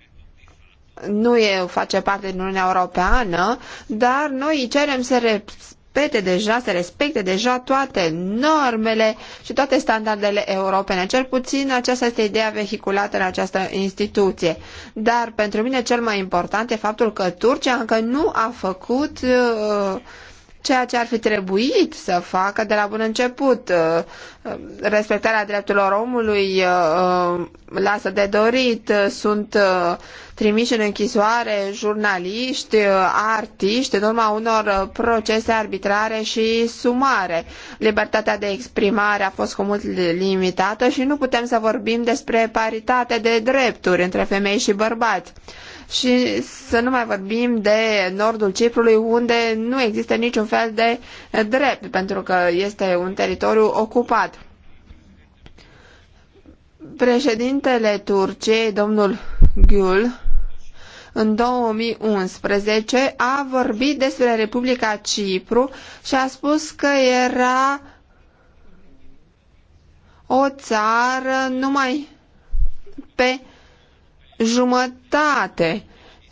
nu e, face parte din Uniunea Europeană, dar noi îi cerem să respecte deja, să respecte deja toate normele și toate standardele europene. Cel puțin aceasta este ideea vehiculată în această instituție. Dar pentru mine cel mai important e faptul că Turcia încă nu a făcut uh, ceea ce ar fi trebuit să facă de la bun început. Uh, respectarea drepturilor omului uh, uh, lasă de dorit, sunt trimiși în închisoare jurnaliști, artiști, în urma unor procese arbitrare și sumare. Libertatea de exprimare a fost cu mult limitată și nu putem să vorbim despre paritate de drepturi între femei și bărbați și să nu mai vorbim de nordul Ciprului unde nu există niciun fel de drept pentru că este un teritoriu ocupat. Președintele Turciei, domnul Gül, în 2011 a vorbit despre Republica Cipru și a spus că era o țară numai pe jumătate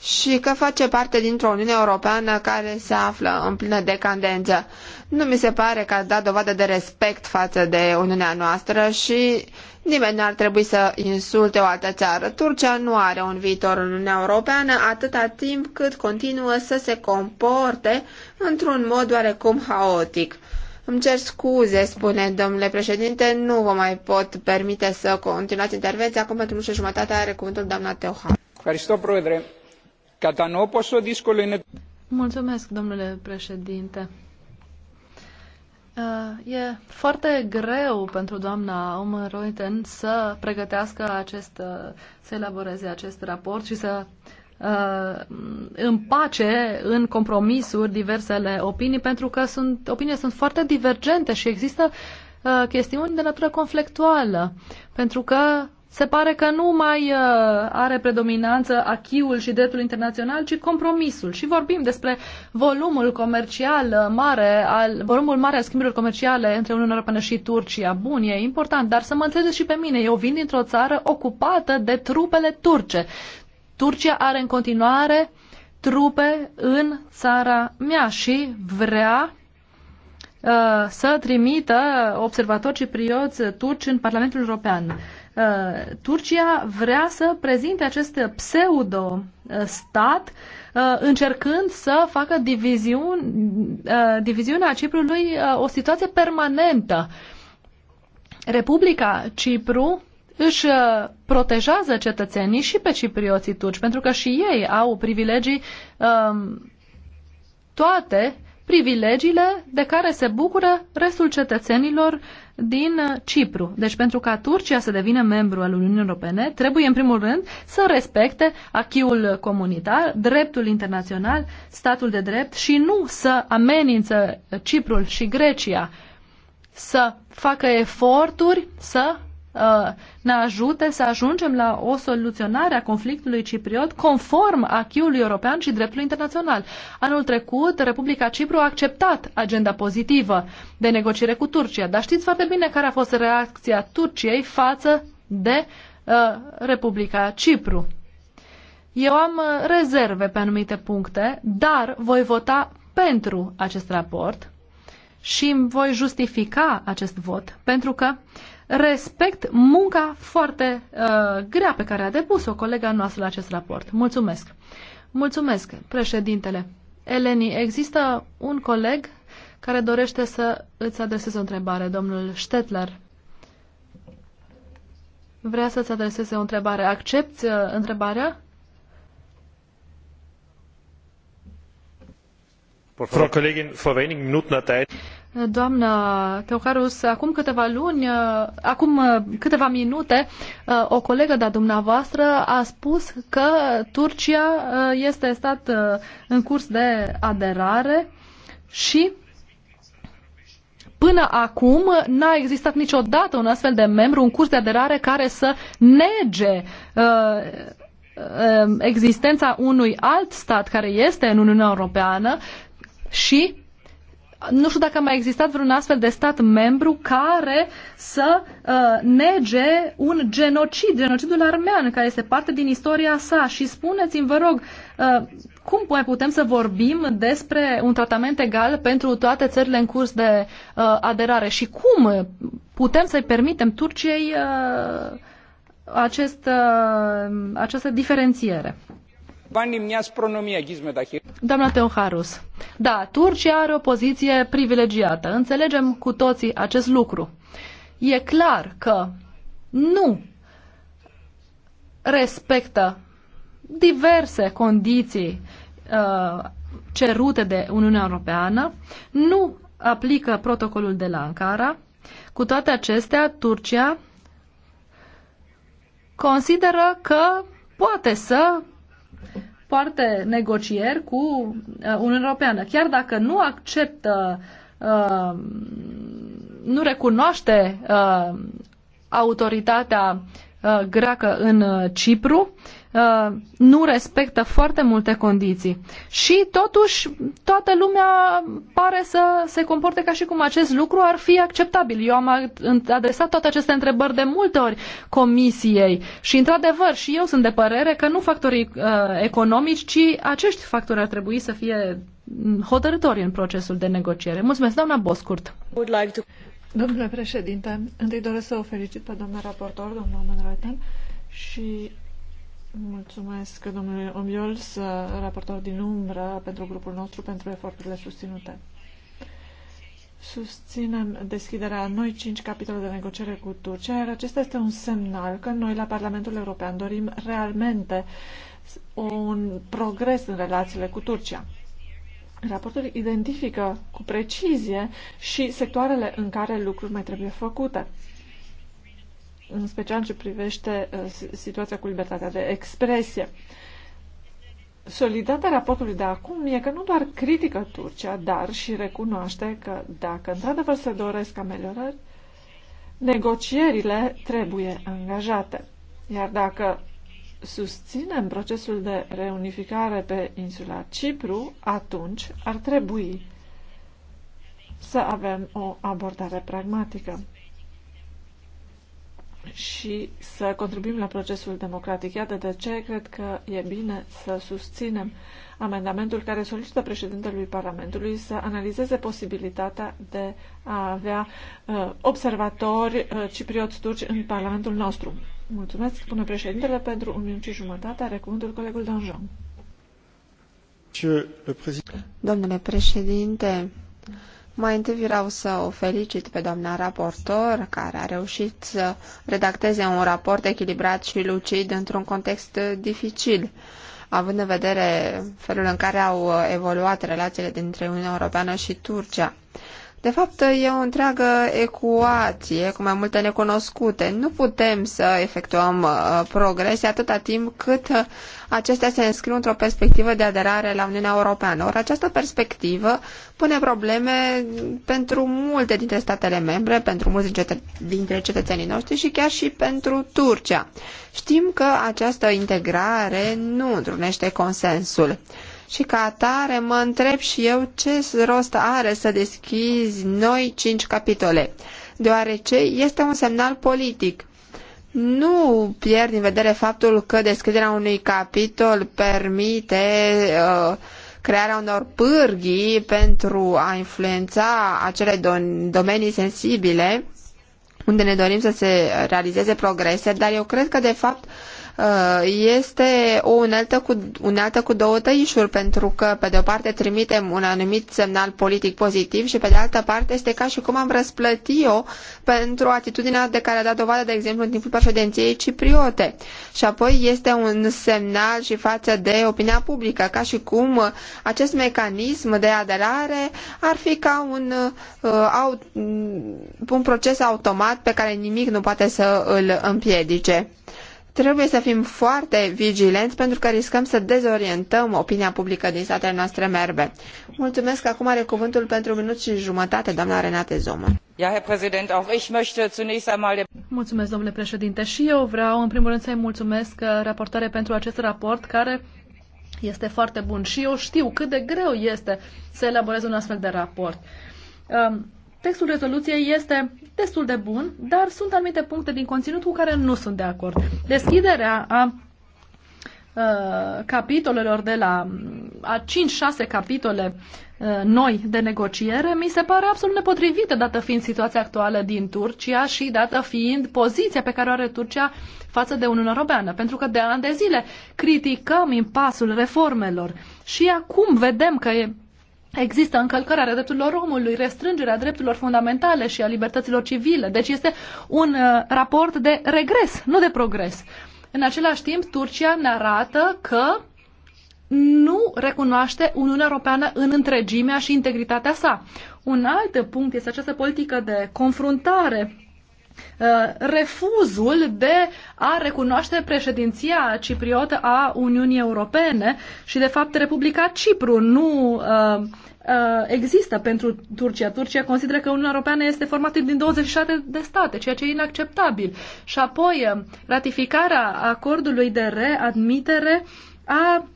și că face parte dintr-o Uniune Europeană care se află în plină decadență. Nu mi se pare că ați dat dovadă de respect față de Uniunea noastră și nimeni nu ar trebui să insulte o altă țară. Turcia nu are un viitor în Uniunea Europeană atâta timp cât continuă să se comporte într-un mod oarecum haotic. Îmi cer scuze, spune domnule președinte, nu vă mai pot permite să continuați intervenția. Acum pentru și jumătate are cuvântul doamna Teohan. Mulțumesc, domnule președinte. Uh, e foarte greu pentru doamna Omer Reuten să pregătească acest, uh, să elaboreze acest raport și să Uh, în pace, în compromisuri, diversele opinii, pentru că sunt, opiniile sunt foarte divergente și există uh, chestiuni de natură conflictuală, pentru că se pare că nu mai uh, are predominanță achiul și dreptul internațional, ci compromisul. Și vorbim despre volumul comercial uh, mare, al, volumul mare al schimburilor comerciale între Uniunea Europeană și Turcia. Bun, e important, dar să mă înțelegeți și pe mine. Eu vin dintr-o țară ocupată de trupele turce. Turcia are în continuare trupe în țara mea și vrea uh, să trimită observatori ciprioți turci în Parlamentul European. Uh, Turcia vrea să prezinte acest pseudo-stat uh, uh, încercând să facă diviziun, uh, diviziunea Ciprului uh, o situație permanentă. Republica Cipru își uh, protejează cetățenii și pe ciprioții turci, pentru că și ei au privilegii, um, toate privilegiile de care se bucură restul cetățenilor din Cipru. Deci pentru ca Turcia să devină membru al Uniunii Europene, trebuie în primul rând să respecte achiul comunitar, dreptul internațional, statul de drept și nu să amenință Ciprul și Grecia să facă eforturi să Uh, ne ajute să ajungem la o soluționare a conflictului cipriot conform acquis european și dreptului internațional. Anul trecut, Republica Cipru a acceptat agenda pozitivă de negociere cu Turcia, dar știți foarte bine care a fost reacția Turciei față de uh, Republica Cipru. Eu am uh, rezerve pe anumite puncte, dar voi vota pentru acest raport și îmi voi justifica acest vot, pentru că uh, respect munca foarte uh, grea pe care a depus-o colega noastră la acest raport. Mulțumesc! Mulțumesc, președintele. Eleni, există un coleg care dorește să îți adreseze o întrebare, domnul Stetler. Vrea să-ți adreseze o întrebare. Accepți uh, întrebarea? Frau Kollegin, vor wenigen Minuten erteilt. Doamnă Teocarus, acum câteva luni, acum câteva minute, o colegă de-a dumneavoastră a spus că Turcia uh, este stat uh, în curs de aderare și Până acum n-a existat niciodată un astfel de membru, un curs de aderare care să nege uh, existența unui alt stat care este în Uniunea Europeană și nu știu dacă a mai existat vreun astfel de stat membru care să uh, nege un genocid, genocidul armean, care este parte din istoria sa. Și spuneți-mi, vă rog, uh, cum mai putem să vorbim despre un tratament egal pentru toate țările în curs de uh, aderare și cum putem să-i permitem Turciei uh, acest, uh, această diferențiere? Banii Doamna Teoharus, da, Turcia are o poziție privilegiată. Înțelegem cu toții acest lucru. E clar că nu respectă diverse condiții uh, cerute de Uniunea Europeană, nu aplică protocolul de la Ankara. Cu toate acestea, Turcia consideră că poate să poartă negocieri cu uh, Uniunea Europeană. Chiar dacă nu acceptă, uh, nu recunoaște uh, autoritatea greacă în Cipru, Uh, nu respectă foarte multe condiții. Și totuși toată lumea pare să se comporte ca și cum acest lucru ar fi acceptabil. Eu am adresat toate aceste întrebări de multe ori comisiei și într-adevăr și eu sunt de părere că nu factorii uh, economici, ci acești factori ar trebui să fie hotărători în procesul de negociere. Mulțumesc, doamna Boscurt. Domnule președinte, întâi doresc să o felicit pe doamna raportor, domnul Manraten, și Mulțumesc domnule Omiols, raportor din umbră pentru grupul nostru, pentru eforturile susținute. Susținem deschiderea noi cinci capitole de negociere cu Turcia, iar acesta este un semnal că noi la Parlamentul European dorim realmente un progres în relațiile cu Turcia. Raportul identifică cu precizie și sectoarele în care lucruri mai trebuie făcute în special ce privește uh, situația cu libertatea de expresie. Soliditatea raportului de acum e că nu doar critică Turcia, dar și recunoaște că dacă într-adevăr se doresc ameliorări, negocierile trebuie angajate. Iar dacă susținem procesul de reunificare pe insula Cipru, atunci ar trebui să avem o abordare pragmatică și să contribuim la procesul democratic. Iată de ce cred că e bine să susținem amendamentul care solicită președintelui Parlamentului să analizeze posibilitatea de a avea uh, observatori uh, ciprioți turci în Parlamentul nostru. Mulțumesc, spune președintele, pentru un minut și jumătate. Are cuvântul colegul Danjon. Domnule președinte, mai întâi vreau să o felicit pe doamna raportor, care a reușit să redacteze un raport echilibrat și lucid într-un context dificil, având în vedere felul în care au evoluat relațiile dintre Uniunea Europeană și Turcia. De fapt, e o întreagă ecuație cu mai multe necunoscute. Nu putem să efectuăm uh, progrese atâta timp cât uh, acestea se înscriu într-o perspectivă de aderare la Uniunea Europeană. Ori această perspectivă pune probleme pentru multe dintre statele membre, pentru mulți dintre cetățenii noștri și chiar și pentru Turcia. Știm că această integrare nu întrunește consensul și ca atare mă întreb și eu ce rost are să deschizi noi cinci capitole, deoarece este un semnal politic. Nu pierd din vedere faptul că deschiderea unui capitol permite uh, crearea unor pârghii pentru a influența acele domenii sensibile unde ne dorim să se realizeze progrese, dar eu cred că, de fapt, Uh, este o unealtă cu, unealtă cu două tăișuri, pentru că, pe de o parte, trimitem un anumit semnal politic pozitiv și, pe de altă parte, este ca și cum am răsplăti-o pentru atitudinea de care a dat dovadă, de exemplu, în timpul președinției cipriote. Și apoi este un semnal și față de opinia publică, ca și cum acest mecanism de aderare ar fi ca un, uh, un proces automat pe care nimic nu poate să îl împiedice. Trebuie să fim foarte vigilenți pentru că riscăm să dezorientăm opinia publică din statele noastre merbe. Mulțumesc. Acum are cuvântul pentru minut și jumătate, doamna Renate Zomă. Mulțumesc, domnule președinte. Și eu vreau, în primul rând, să-i mulțumesc uh, raportare pentru acest raport care este foarte bun. Și eu știu cât de greu este să elaborez un astfel de raport. Um, textul rezoluției este destul de bun, dar sunt anumite puncte din conținut cu care nu sunt de acord. Deschiderea a uh, capitolelor de la a 5-6 capitole uh, noi de negociere mi se pare absolut nepotrivită dată fiind situația actuală din Turcia și dată fiind poziția pe care o are Turcia față de Uniunea Europeană. Pentru că de ani de zile criticăm impasul reformelor și acum vedem că e Există încălcarea drepturilor omului, restrângerea drepturilor fundamentale și a libertăților civile. Deci este un uh, raport de regres, nu de progres. În același timp, Turcia ne arată că nu recunoaște Uniunea Europeană în întregimea și integritatea sa. Un alt punct este această politică de confruntare uh, refuzul de a recunoaște președinția cipriotă a Uniunii Europene și, de fapt, Republica Cipru nu uh, Uh, există pentru Turcia. Turcia consideră că Uniunea Europeană este formată din 27 de state, ceea ce e inacceptabil. Și apoi uh, ratificarea acordului de readmitere a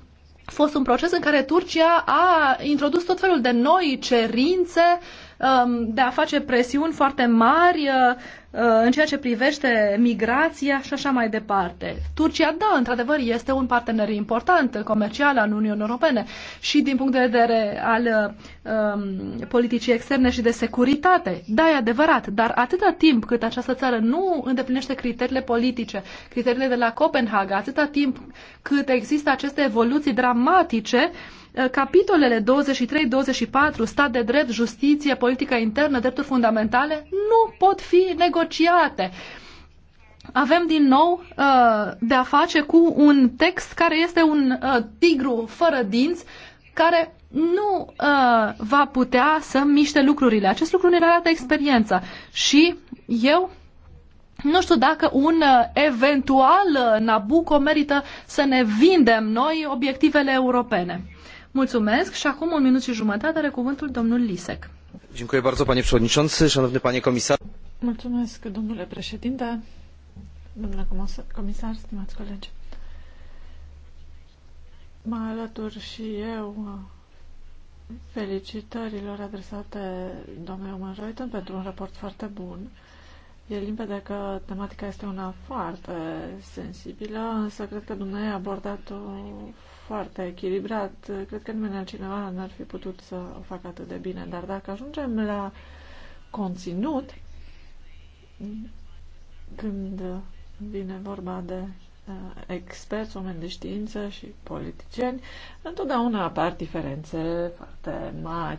fost un proces în care Turcia a introdus tot felul de noi cerințe uh, Um, de a face presiuni foarte mari uh, uh, în ceea ce privește migrația și așa mai departe. Turcia, da, într-adevăr, este un partener important comercial al Uniunii Europene și din punct de vedere al um, politicii externe și de securitate. Da, e adevărat, dar atâta timp cât această țară nu îndeplinește criteriile politice, criteriile de la Copenhaga, atâta timp cât există aceste evoluții dramatice, uh, Eh, capitolele 23-24, stat de drept, justiție, politică internă, drepturi fundamentale, nu pot fi negociate. Avem din nou uh, de a face cu un text care este un uh, tigru fără dinți, care nu uh, va putea să miște lucrurile. Acest lucru ne arată experiența. Și eu nu știu dacă un eventual Nabucco merită să ne vindem noi obiectivele europene. Mulțumesc și acum un minut și jumătate are cuvântul domnul Lisek. Dziękuję bardzo, panie przewodniczący, szanowny panie komisarz. Mulțumesc, domnule președinte, domnule comisar, stimați colegi. Mă alătur și eu felicitărilor adresate domnului Oman Reuten pentru un raport foarte bun. E limpede că tematica este una foarte sensibilă, însă cred că dumneavoastră a abordat-o foarte echilibrat. Cred că nimeni altcineva n-ar fi putut să o facă atât de bine. Dar dacă ajungem la conținut, când vine vorba de uh, experți, oameni de știință și politicieni, întotdeauna apar diferențe foarte mari.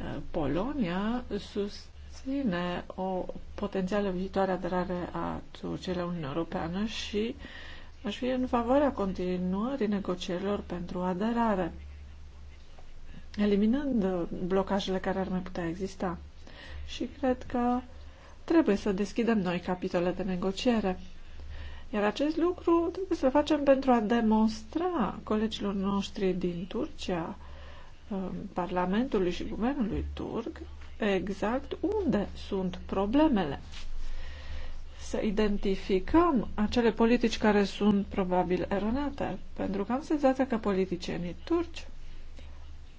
Uh, Polonia susține o potențială viitoare aderare a Turciei la Uniunea Europeană și uh, aș fi în favoarea continuării negocierilor pentru aderare, eliminând uh, blocajele care ar mai putea exista. Și cred că trebuie să deschidem noi capitole de negociere. Iar acest lucru trebuie să facem pentru a demonstra colegilor noștri din Turcia, um, Parlamentului și Guvernului turc, exact unde sunt problemele să identificăm acele politici care sunt probabil eronate, pentru că am senzația că politicienii turci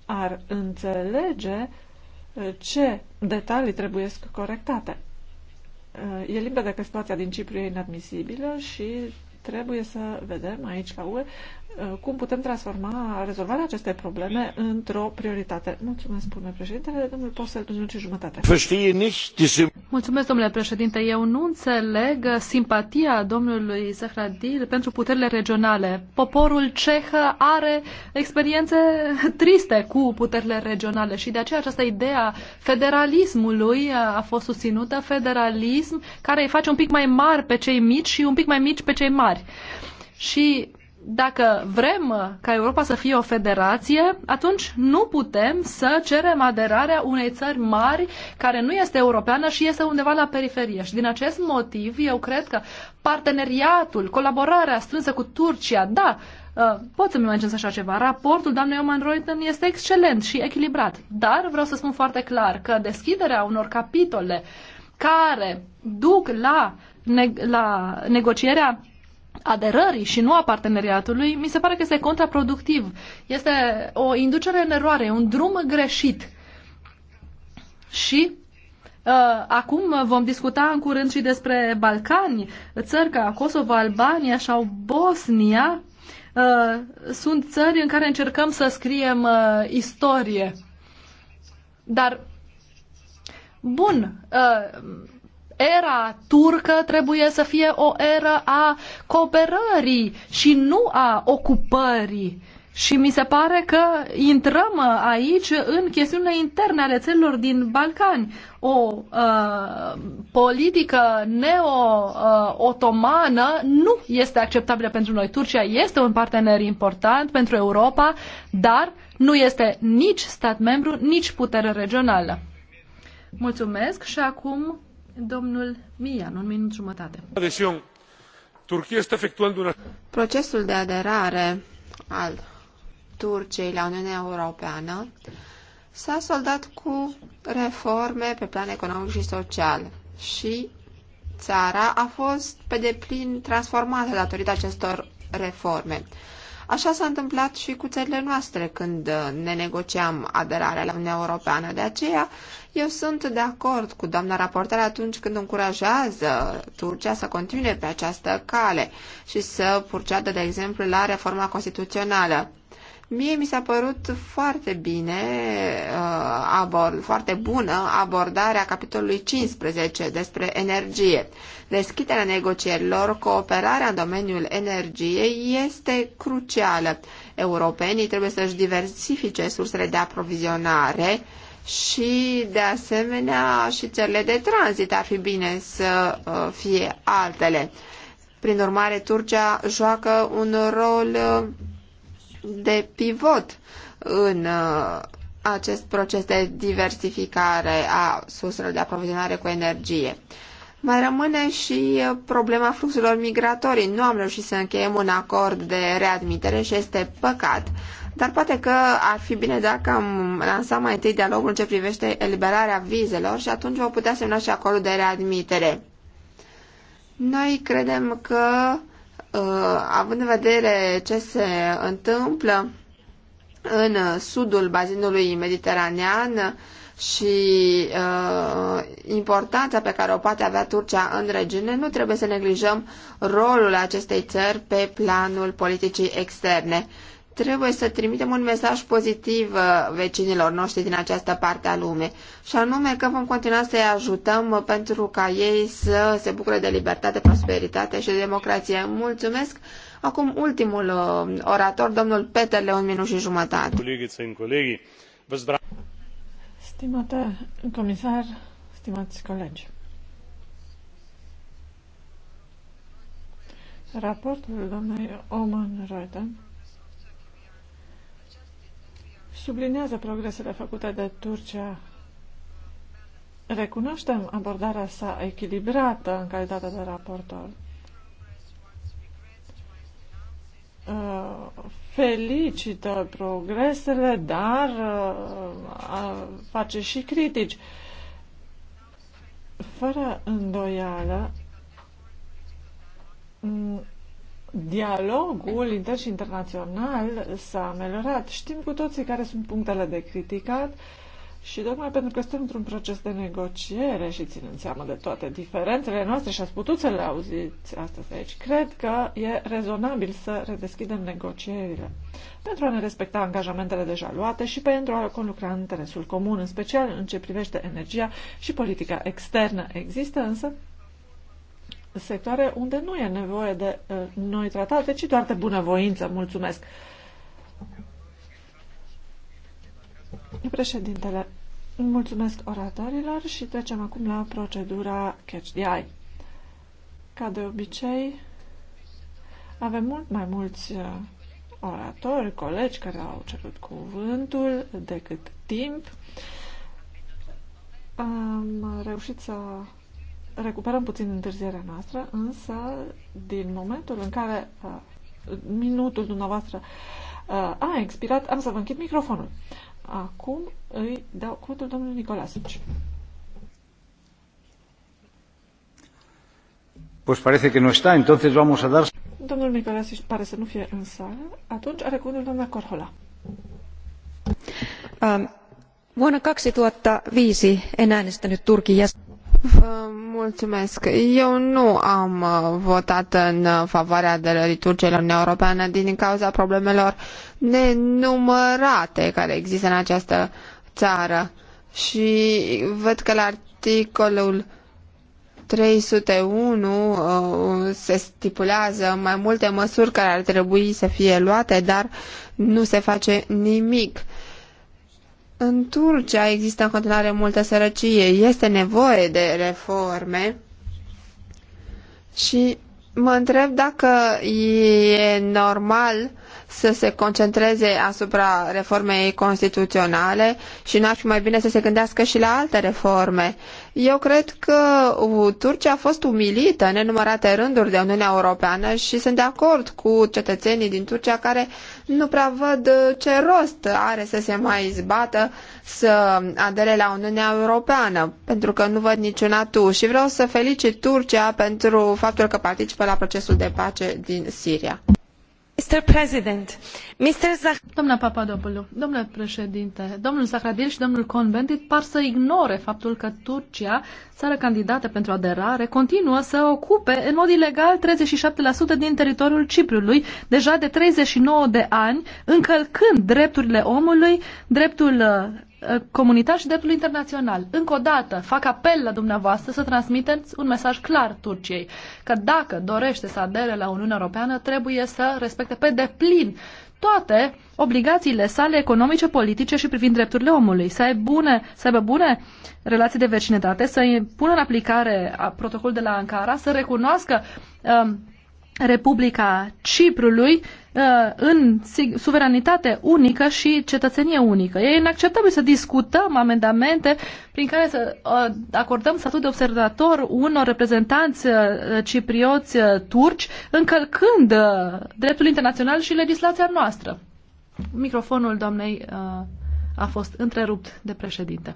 ar înțelege uh, ce detalii trebuie corectate. Uh, e limpede că situația din Cipru e inadmisibilă și trebuie să vedem aici la UE Uh, cum putem transforma rezolvarea acestei probleme într-o prioritate. Mulțumesc, domnule președinte. domnul Posel, un și jumătate. Mulțumesc, domnule președinte. Eu nu înțeleg simpatia domnului Zahradil pentru puterile regionale. Poporul ceh are experiențe triste cu puterile regionale și de aceea această idee a federalismului a fost susținută, federalism care îi face un pic mai mari pe cei mici și un pic mai mici pe cei mari. Și dacă vrem ca Europa să fie o federație, atunci nu putem să cerem aderarea unei țări mari care nu este europeană și este undeva la periferie. Și din acest motiv, eu cred că parteneriatul, colaborarea strânsă cu Turcia, da, uh, pot să-mi imaginez așa ceva. Raportul doamnei Oman Reuten este excelent și echilibrat, dar vreau să spun foarte clar că deschiderea unor capitole care duc la, ne- la negocierea aderării și nu a parteneriatului, mi se pare că este contraproductiv. Este o inducere în eroare, un drum greșit. Și uh, acum vom discuta în curând și despre Balcani, țări ca Kosovo, Albania sau Bosnia. Uh, sunt țări în care încercăm să scriem uh, istorie. Dar, bun, uh, era turcă trebuie să fie o eră a cooperării și nu a ocupării. Și mi se pare că intrăm aici în chestiunile interne ale țărilor din Balcani. O uh, politică neo-otomană nu este acceptabilă pentru noi. Turcia este un partener important pentru Europa, dar nu este nici stat membru, nici putere regională. Mulțumesc și acum Domnul Mian, un minut jumătate. Adesiun. Turcia este efectuând un Procesul de aderare al Turciei la Uniunea Europeană s-a soldat cu reforme pe plan economic și social și țara a fost pe deplin transformată datorită acestor reforme. Așa s-a întâmplat și cu țările noastre când ne negociam aderarea la Uniunea Europeană. De aceea eu sunt de acord cu doamna raportar atunci când încurajează Turcia să continue pe această cale și să purceadă, de exemplu, la reforma constituțională. Mie mi s-a părut foarte bine, uh, abord, foarte bună abordarea capitolului 15 despre energie. Deschiderea negocierilor, cooperarea în domeniul energiei este crucială. Europenii trebuie să-și diversifice sursele de aprovizionare și, de asemenea, și cele de tranzit ar fi bine să uh, fie altele. Prin urmare, Turcia joacă un rol uh, de pivot în uh, acest proces de diversificare a surselor de aprovizionare cu energie. Mai rămâne și problema fluxurilor migratorii. Nu am reușit să încheiem un acord de readmitere și este păcat dar poate că ar fi bine dacă am lansat mai întâi dialogul în ce privește eliberarea vizelor și atunci vom putea semna și acordul de readmitere. Noi credem că, uh, având în vedere ce se întâmplă în sudul bazinului mediteranean și uh, importanța pe care o poate avea Turcia în regiune, nu trebuie să neglijăm rolul acestei țări pe planul politicii externe trebuie să trimitem un mesaj pozitiv uh, vecinilor noștri din această parte a lumii, și anume că vom continua să-i ajutăm uh, pentru ca ei să se bucure de libertate, prosperitate și de democrație. Mulțumesc! Acum ultimul uh, orator, domnul Peterle, un minut și jumătate. Stimate comisar, stimați colegi, raportul domnului Oman Reuten sublinează progresele făcute de Turcia. Recunoaștem abordarea sa echilibrată în calitate de raportor. Uh, felicită progresele, dar uh, face și critici. Fără îndoială, dialogul inter și internațional s-a ameliorat. Știm cu toții care sunt punctele de criticat și tocmai pentru că suntem într-un proces de negociere și ținând seama de toate diferențele noastre și ați putut să le auziți astăzi aici, cred că e rezonabil să redeschidem negocierile pentru a ne respecta angajamentele deja luate și pentru a conlucra în interesul comun, în special în ce privește energia și politica externă. Există însă sectoare unde nu e nevoie de uh, noi tratate, ci doar de bunăvoință. Mulțumesc. Președintele, mulțumesc oratorilor și trecem acum la procedura Catch the Eye. Ca de obicei, avem mult mai mulți uh, oratori, colegi care au cerut cuvântul decât timp. Am reușit să recuperăm puțin întârzierea noastră, însă din momentul în care uh, minutul dumneavoastră uh, a expirat, am să vă închid microfonul. Acum îi dau cuvântul domnului Nicolasici. Pues parece que no está, entonces vamos a dar... Domnul Nicolasici pare să nu fie în sală, atunci are cuvântul doamna Corhola. Um, vuonna 2005 en äänestänyt Turkin jäsen... Mulțumesc. Eu nu am uh, votat în uh, favoarea aderării Turciei la Uniunea Europeană din cauza problemelor nenumărate care există în această țară. Și văd că la articolul 301 uh, se stipulează mai multe măsuri care ar trebui să fie luate, dar nu se face nimic. În Turcia există în continuare multă sărăcie, este nevoie de reforme și mă întreb dacă e normal să se concentreze asupra reformei constituționale și n-ar fi mai bine să se gândească și la alte reforme eu cred că Turcia a fost umilită în nenumărate rânduri de Uniunea Europeană și sunt de acord cu cetățenii din Turcia care nu prea văd uh, ce rost are să se mai zbată să adere la Uniunea Europeană, pentru că nu văd niciun atu și vreau să felicit Turcia pentru faptul că participă la procesul de pace din Siria. Domnule Papadopoulou, domnule președinte, domnul Zahradil și domnul Cohn-Bendit par să ignore faptul că Turcia, țară candidată pentru aderare, continuă să ocupe în mod ilegal 37% din teritoriul Cipriului, deja de 39 de ani, încălcând drepturile omului, dreptul uh, Eh, comunitar și dreptul internațional. Încă o dată, fac apel la dumneavoastră să transmiteți un mesaj clar Turciei, că dacă dorește să adere la Uniunea Europeană, trebuie să respecte pe deplin toate obligațiile sale economice, politice și privind drepturile omului, să, ai bune, să aibă bune relații de vecinătate, să pună în aplicare protocolul de la Ankara, să recunoască uh, Republica Ciprului uh, în suveranitate unică și cetățenie unică. E inacceptabil să discutăm amendamente prin care să uh, acordăm statut de observator unor reprezentanți uh, ciprioți turci, încălcând dreptul internațional și legislația noastră. Microfonul doamnei a fost întrerupt de președinte.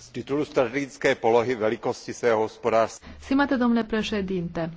z titulu strategické polohy velikosti svého hospodářství. Stimate domnule președinte,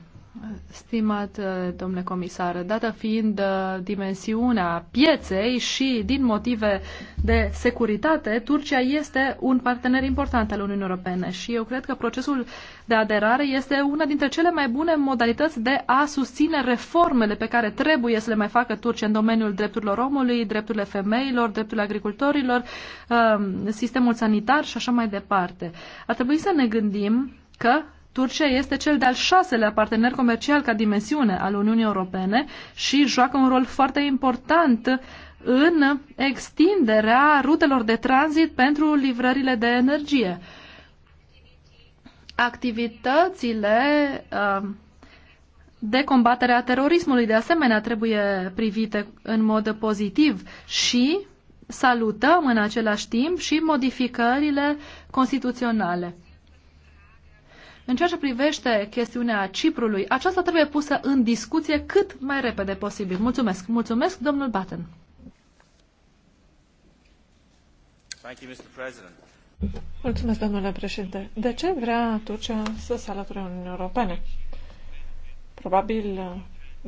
Stimat uh, domnule comisar, dată fiind uh, dimensiunea pieței și din motive de securitate, Turcia este un partener important al Uniunii Europene și eu cred că procesul de aderare este una dintre cele mai bune modalități de a susține reformele pe care trebuie să le mai facă Turcia în domeniul drepturilor omului, drepturile femeilor, drepturile agricultorilor, um, sistemul sanitar și așa mai departe. Ar trebui să ne gândim că Turcia este cel de-al șaselea partener comercial ca dimensiune al Uniunii Europene și joacă un rol foarte important în extinderea rutelor de tranzit pentru livrările de energie. Activitățile uh, de combatere a terorismului, de asemenea, trebuie privite în mod pozitiv și salutăm în același timp și modificările constituționale. În ceea ce privește chestiunea Ciprului, aceasta trebuie pusă în discuție cât mai repede posibil. Mulțumesc. Mulțumesc, domnul Batten. Mulțumesc, domnule președinte. De ce vrea Turcia să se alăture Uniunii Europene? Probabil uh,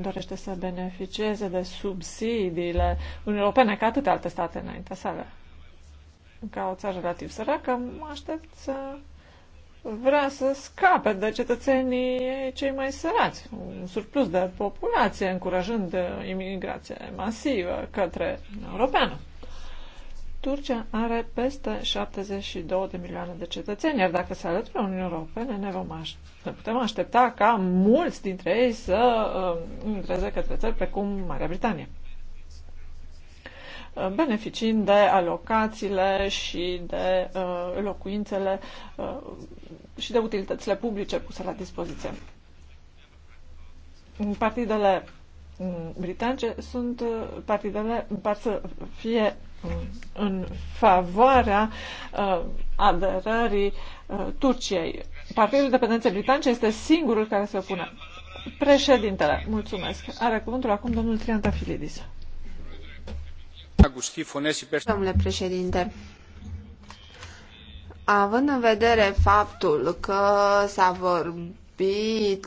dorește să beneficieze de subsidiile Uniunii Europene ca atâtea alte state înaintea sale. Ca o țară relativ săracă, mă aștept să vrea să scape de cetățenii cei mai sărați, un surplus de populație, încurajând uh, imigrație masivă către europeană. Turcia are peste 72 de milioane de cetățeni, iar dacă se alătură Uniunii Europene, ne, vom aș- ne putem aștepta ca mulți dintre ei să uh, intreze către țări precum Marea Britanie. Uh, beneficiind de alocațiile și de uh, locuințele uh, și de utilitățile publice puse la dispoziție. Partidele mm, britanice sunt partidele par să fie mm, în favoarea uh, aderării uh, Turciei. Partidul Independenței Britanice este singurul care se opune. Președintele, mulțumesc. Are cuvântul acum domnul Triantafilidis. Filidis având în vedere faptul că s-a vorbit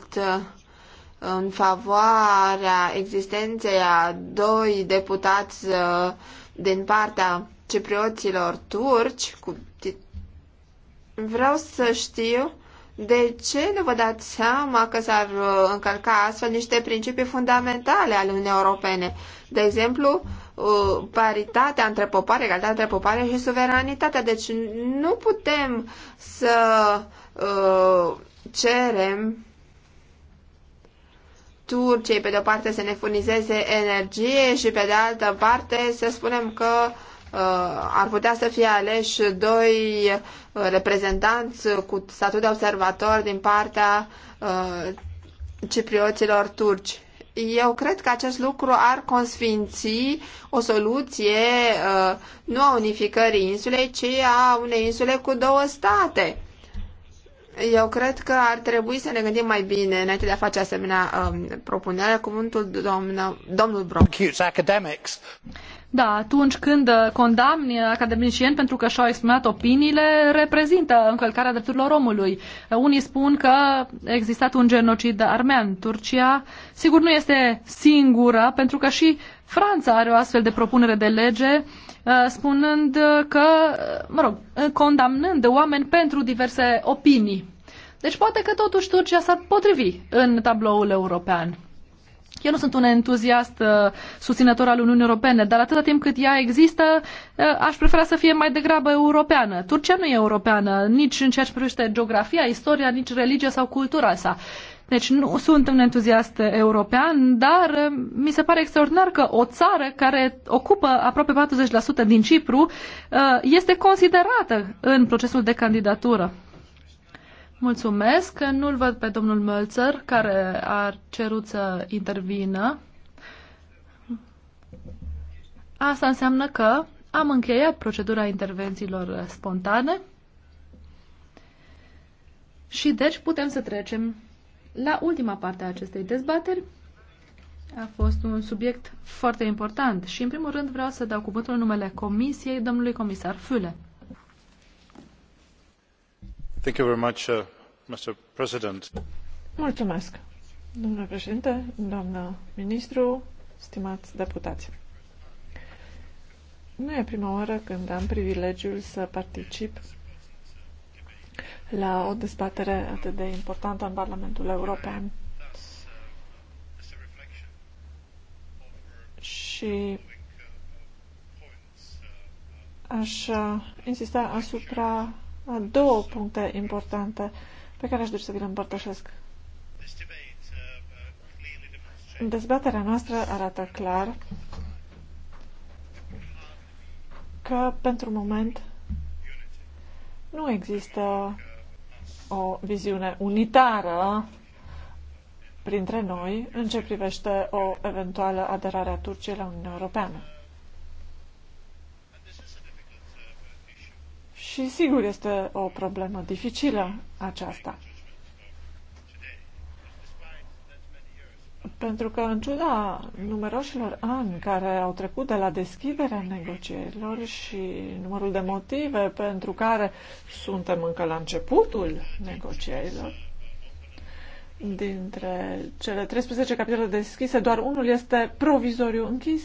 în favoarea existenței a doi deputați uh, din partea ciprioților turci, cu... vreau să știu de ce nu vă dați seama că s-ar uh, încălca astfel niște principii fundamentale ale Uniunii Europene? De exemplu, Uh, paritatea între popoare, egalitatea între popoare și suveranitatea. Deci nu putem să uh, cerem Turciei, pe de o parte, să ne furnizeze energie și pe de altă parte să spunem că uh, ar putea să fie aleși doi uh, reprezentanți cu statut de observator din partea uh, ciprioților turci eu cred că acest lucru ar consfinți o soluție uh, nu a unificării insulei, ci a unei insule cu două state. Eu cred că ar trebui să ne gândim mai bine înainte de a face asemenea um, propunere. Cuvântul doamnă, domnul Brock. Da, atunci când uh, condamni academicieni pentru că și-au exprimat opiniile, reprezintă încălcarea drepturilor omului. Uh, unii spun că a existat un genocid armean. Turcia, sigur, nu este singura, pentru că și Franța are o astfel de propunere de lege uh, Uh, spunând că, uh, mă rog, condamnând oameni pentru diverse opinii. Deci poate că totuși Turcia s-ar potrivi în tabloul european. Eu nu sunt un entuziast uh, susținător al Uniunii Europene, dar atâta timp cât ea există, aș prefera să fie mai degrabă europeană. Turcia nu e europeană, nici în ceea ce privește geografia, istoria, nici religia sau cultura sa. Deci nu sunt un entuziast european, dar eh, mi se pare extraordinar că o țară care ocupă aproape 40% din Cipru eh, este considerată în procesul de candidatură. Mulțumesc. Nu-l văd pe domnul Mălțăr, care a cerut să intervină. Asta înseamnă că am încheiat procedura intervențiilor spontane și deci putem să trecem la ultima parte a acestei dezbateri. A fost un subiect foarte important și, în primul rând, vreau să dau cuvântul în numele Comisiei domnului comisar Füle. Thank you very much, uh, Mr. President. Mulțumesc, domnule președinte, doamnă ministru, stimați deputați. Nu e prima oară când am privilegiul să particip la o dezbatere atât de importantă în Parlamentul European. Și aș uh, insista asupra a două puncte importante pe care aș dori să vi le împărtășesc. Dezbaterea noastră arată clar că, pentru moment, nu există o viziune unitară printre noi în ce privește o eventuală aderare a Turciei la Uniunea Europeană. Și sigur este o problemă dificilă aceasta. Pentru că, în ciuda numeroșilor ani care au trecut de la deschiderea negocierilor și numărul de motive pentru care suntem încă la începutul negocierilor, dintre cele 13 capitole deschise, doar unul este provizoriu închis.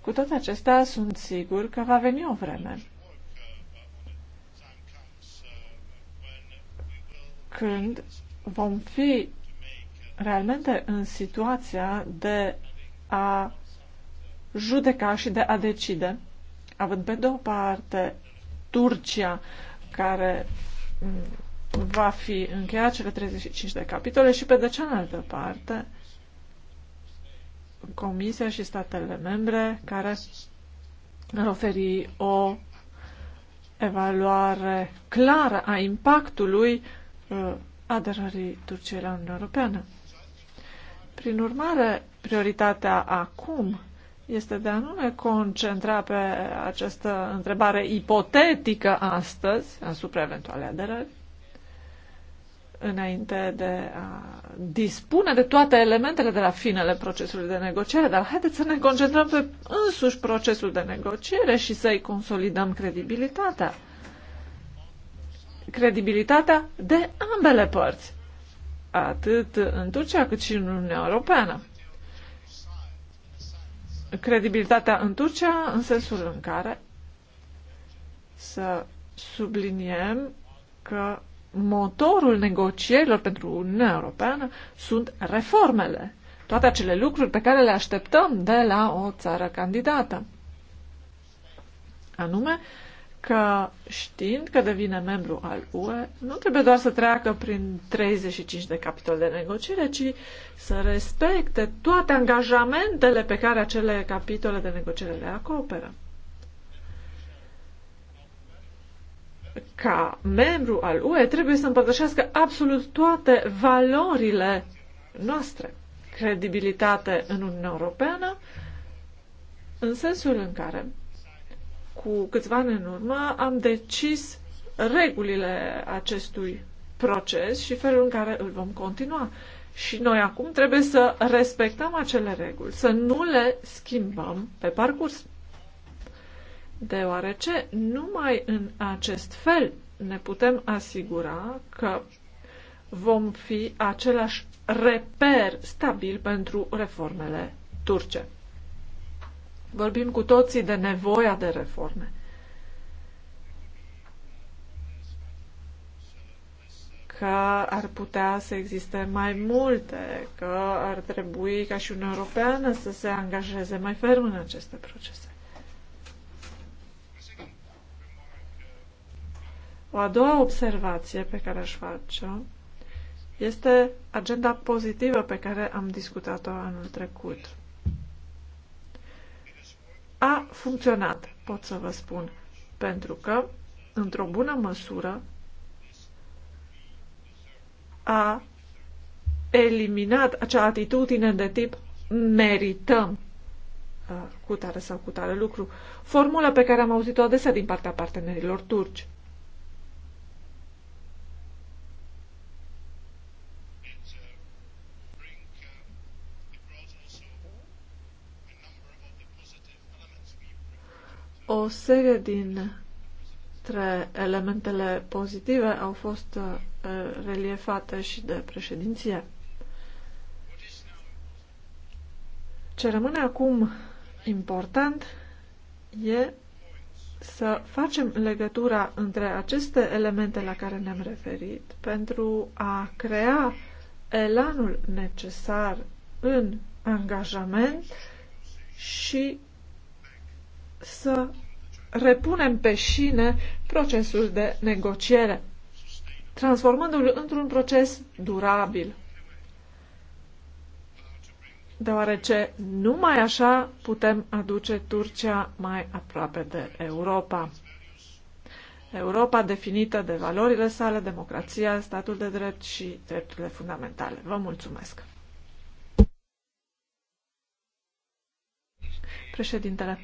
Cu toate acestea, sunt sigur că va veni o vreme când vom fi realmente în situația de a judeca și de a decide, având pe de o parte Turcia, care va fi încheiat cele 35 de capitole și pe de cealaltă parte Comisia și statele membre care ar oferi o evaluare clară a impactului Uh, aderării Turciei la Uniunea Europeană. Prin urmare, prioritatea acum este de a nu ne concentra pe această întrebare ipotetică astăzi, asupra eventuale aderări, înainte de a dispune de toate elementele de la finele procesului de negociere, dar haideți să ne concentrăm pe însuși procesul de negociere și să-i consolidăm credibilitatea credibilitatea de ambele părți, atât în Turcia cât și în Uniunea Europeană. Credibilitatea în Turcia în sensul în care să subliniem că motorul negocierilor pentru Uniunea Europeană sunt reformele, toate acele lucruri pe care le așteptăm de la o țară candidată. Anume, uh, că știind că devine membru al UE, nu trebuie doar să treacă prin 35 de capitole de negociere, ci să respecte toate angajamentele pe care acele capitole de negociere le acoperă. Ca membru al UE trebuie să împărtășească absolut toate valorile noastre. Credibilitate în Uniunea Europeană, în sensul în care cu câțiva ani în urmă am decis regulile acestui proces și felul în care îl vom continua. Și noi acum trebuie să respectăm acele reguli, să nu le schimbăm pe parcurs. Deoarece numai în acest fel ne putem asigura că vom fi același reper stabil pentru reformele turce. Vorbim cu toții de nevoia de reforme. că ar putea să existe mai multe, că ar trebui ca și Uniunea Europeană să se angajeze mai ferm în aceste procese. O a doua observație pe care aș face este agenda pozitivă pe care am discutat-o anul trecut a funcționat, pot să vă spun, pentru că, într-o bună măsură, a eliminat acea atitudine de tip merităm uh, cu tare sau cu tare lucru, formula pe care am auzit-o adesea din partea partenerilor turci. O serie din tre elementele pozitive au fost uh, reliefate și de președinție. Ce rămâne acum important e să facem legătura între aceste elemente la care ne-am referit pentru a crea elanul necesar în angajament și să repunem pe șine procesul de negociere, transformându-l într-un proces durabil. Deoarece numai așa putem aduce Turcia mai aproape de Europa. Europa definită de valorile sale, democrația, statul de drept și drepturile fundamentale. Vă mulțumesc! Președintele,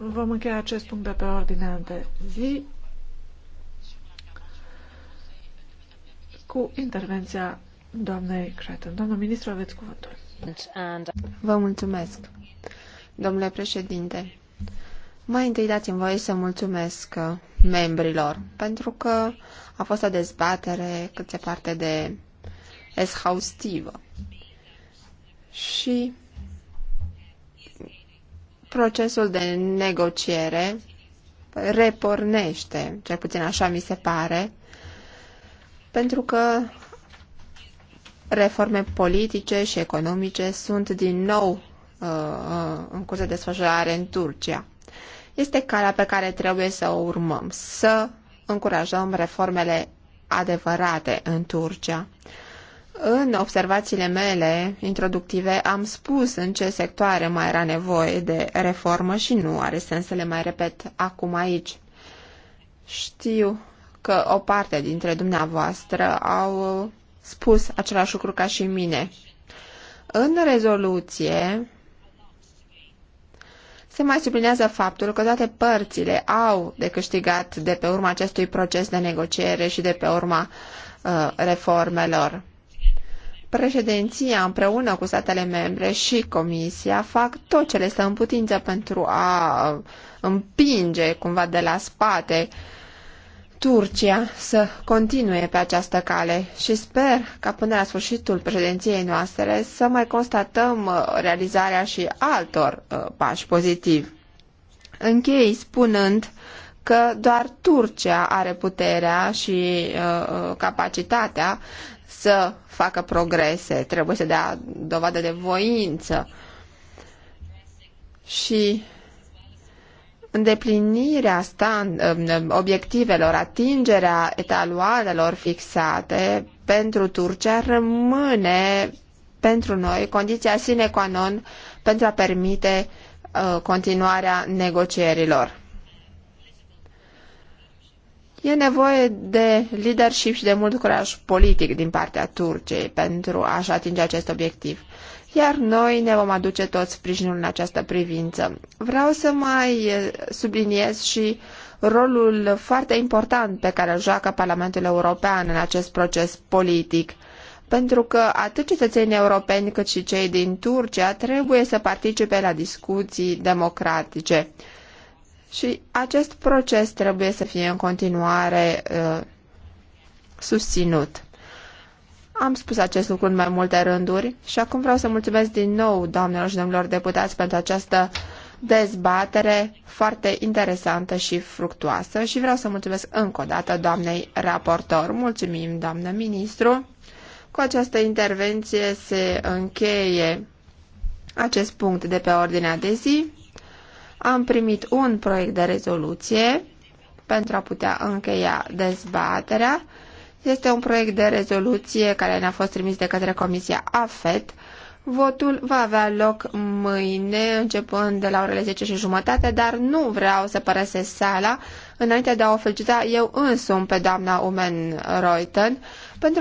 Vom încheia acest punct de pe ordinea de zi cu intervenția doamnei Creighton. Doamna ministru, aveți cuvântul. Vă mulțumesc, domnule președinte. Mai întâi dați-mi voie să mulțumesc membrilor, pentru că a fost o dezbatere cât se parte de exhaustivă. Și procesul de negociere repornește, cel puțin așa mi se pare, pentru că reforme politice și economice sunt din nou uh, uh, în curs de desfășurare în Turcia. Este calea pe care trebuie să o urmăm, să încurajăm reformele adevărate în Turcia. În observațiile mele introductive am spus în ce sectoare mai era nevoie de reformă și nu are sens să le mai repet acum aici. Știu că o parte dintre dumneavoastră au spus același lucru ca și mine. În rezoluție se mai sublinează faptul că toate părțile au de câștigat de pe urma acestui proces de negociere și de pe urma uh, reformelor. Președinția împreună cu statele membre și Comisia fac tot ce le stă în putință pentru a împinge cumva de la spate Turcia să continue pe această cale și sper ca până la sfârșitul președinției noastre să mai constatăm uh, realizarea și altor uh, pași pozitivi. Închei spunând că doar Turcia are puterea și uh, uh capacitatea să facă progrese, trebuie să dea dovadă de voință și îndeplinirea stand, um, um, obiectivelor, atingerea etaloanelor fixate pentru Turcia rămâne pentru noi condiția sine qua non pentru a permite uh, continuarea negocierilor. E nevoie de leadership și de mult curaj politic din partea Turciei pentru a-și atinge acest obiectiv. Iar noi ne vom aduce tot sprijinul în această privință. Vreau să mai eh, subliniez și rolul foarte important pe care îl joacă Parlamentul European în acest proces politic. Pentru că atât cetățenii europeni cât și cei din Turcia trebuie să participe la discuții democratice. Și acest proces trebuie să fie în continuare uh, susținut. Am spus acest lucru în mai multe rânduri și acum vreau să mulțumesc din nou doamnelor și domnilor deputați pentru această dezbatere foarte interesantă și fructuoasă și vreau să mulțumesc încă o dată doamnei raportor. Mulțumim, doamnă ministru. Cu această intervenție se încheie acest punct de pe ordinea de zi. Am primit un proiect de rezoluție pentru a putea încheia dezbaterea. Este un proiect de rezoluție care ne-a fost trimis de către Comisia AFET. Votul va avea loc mâine, începând de la orele 10 și jumătate, dar nu vreau să părăsesc sala înainte de a o felicita eu însumi pe doamna Umen Reuten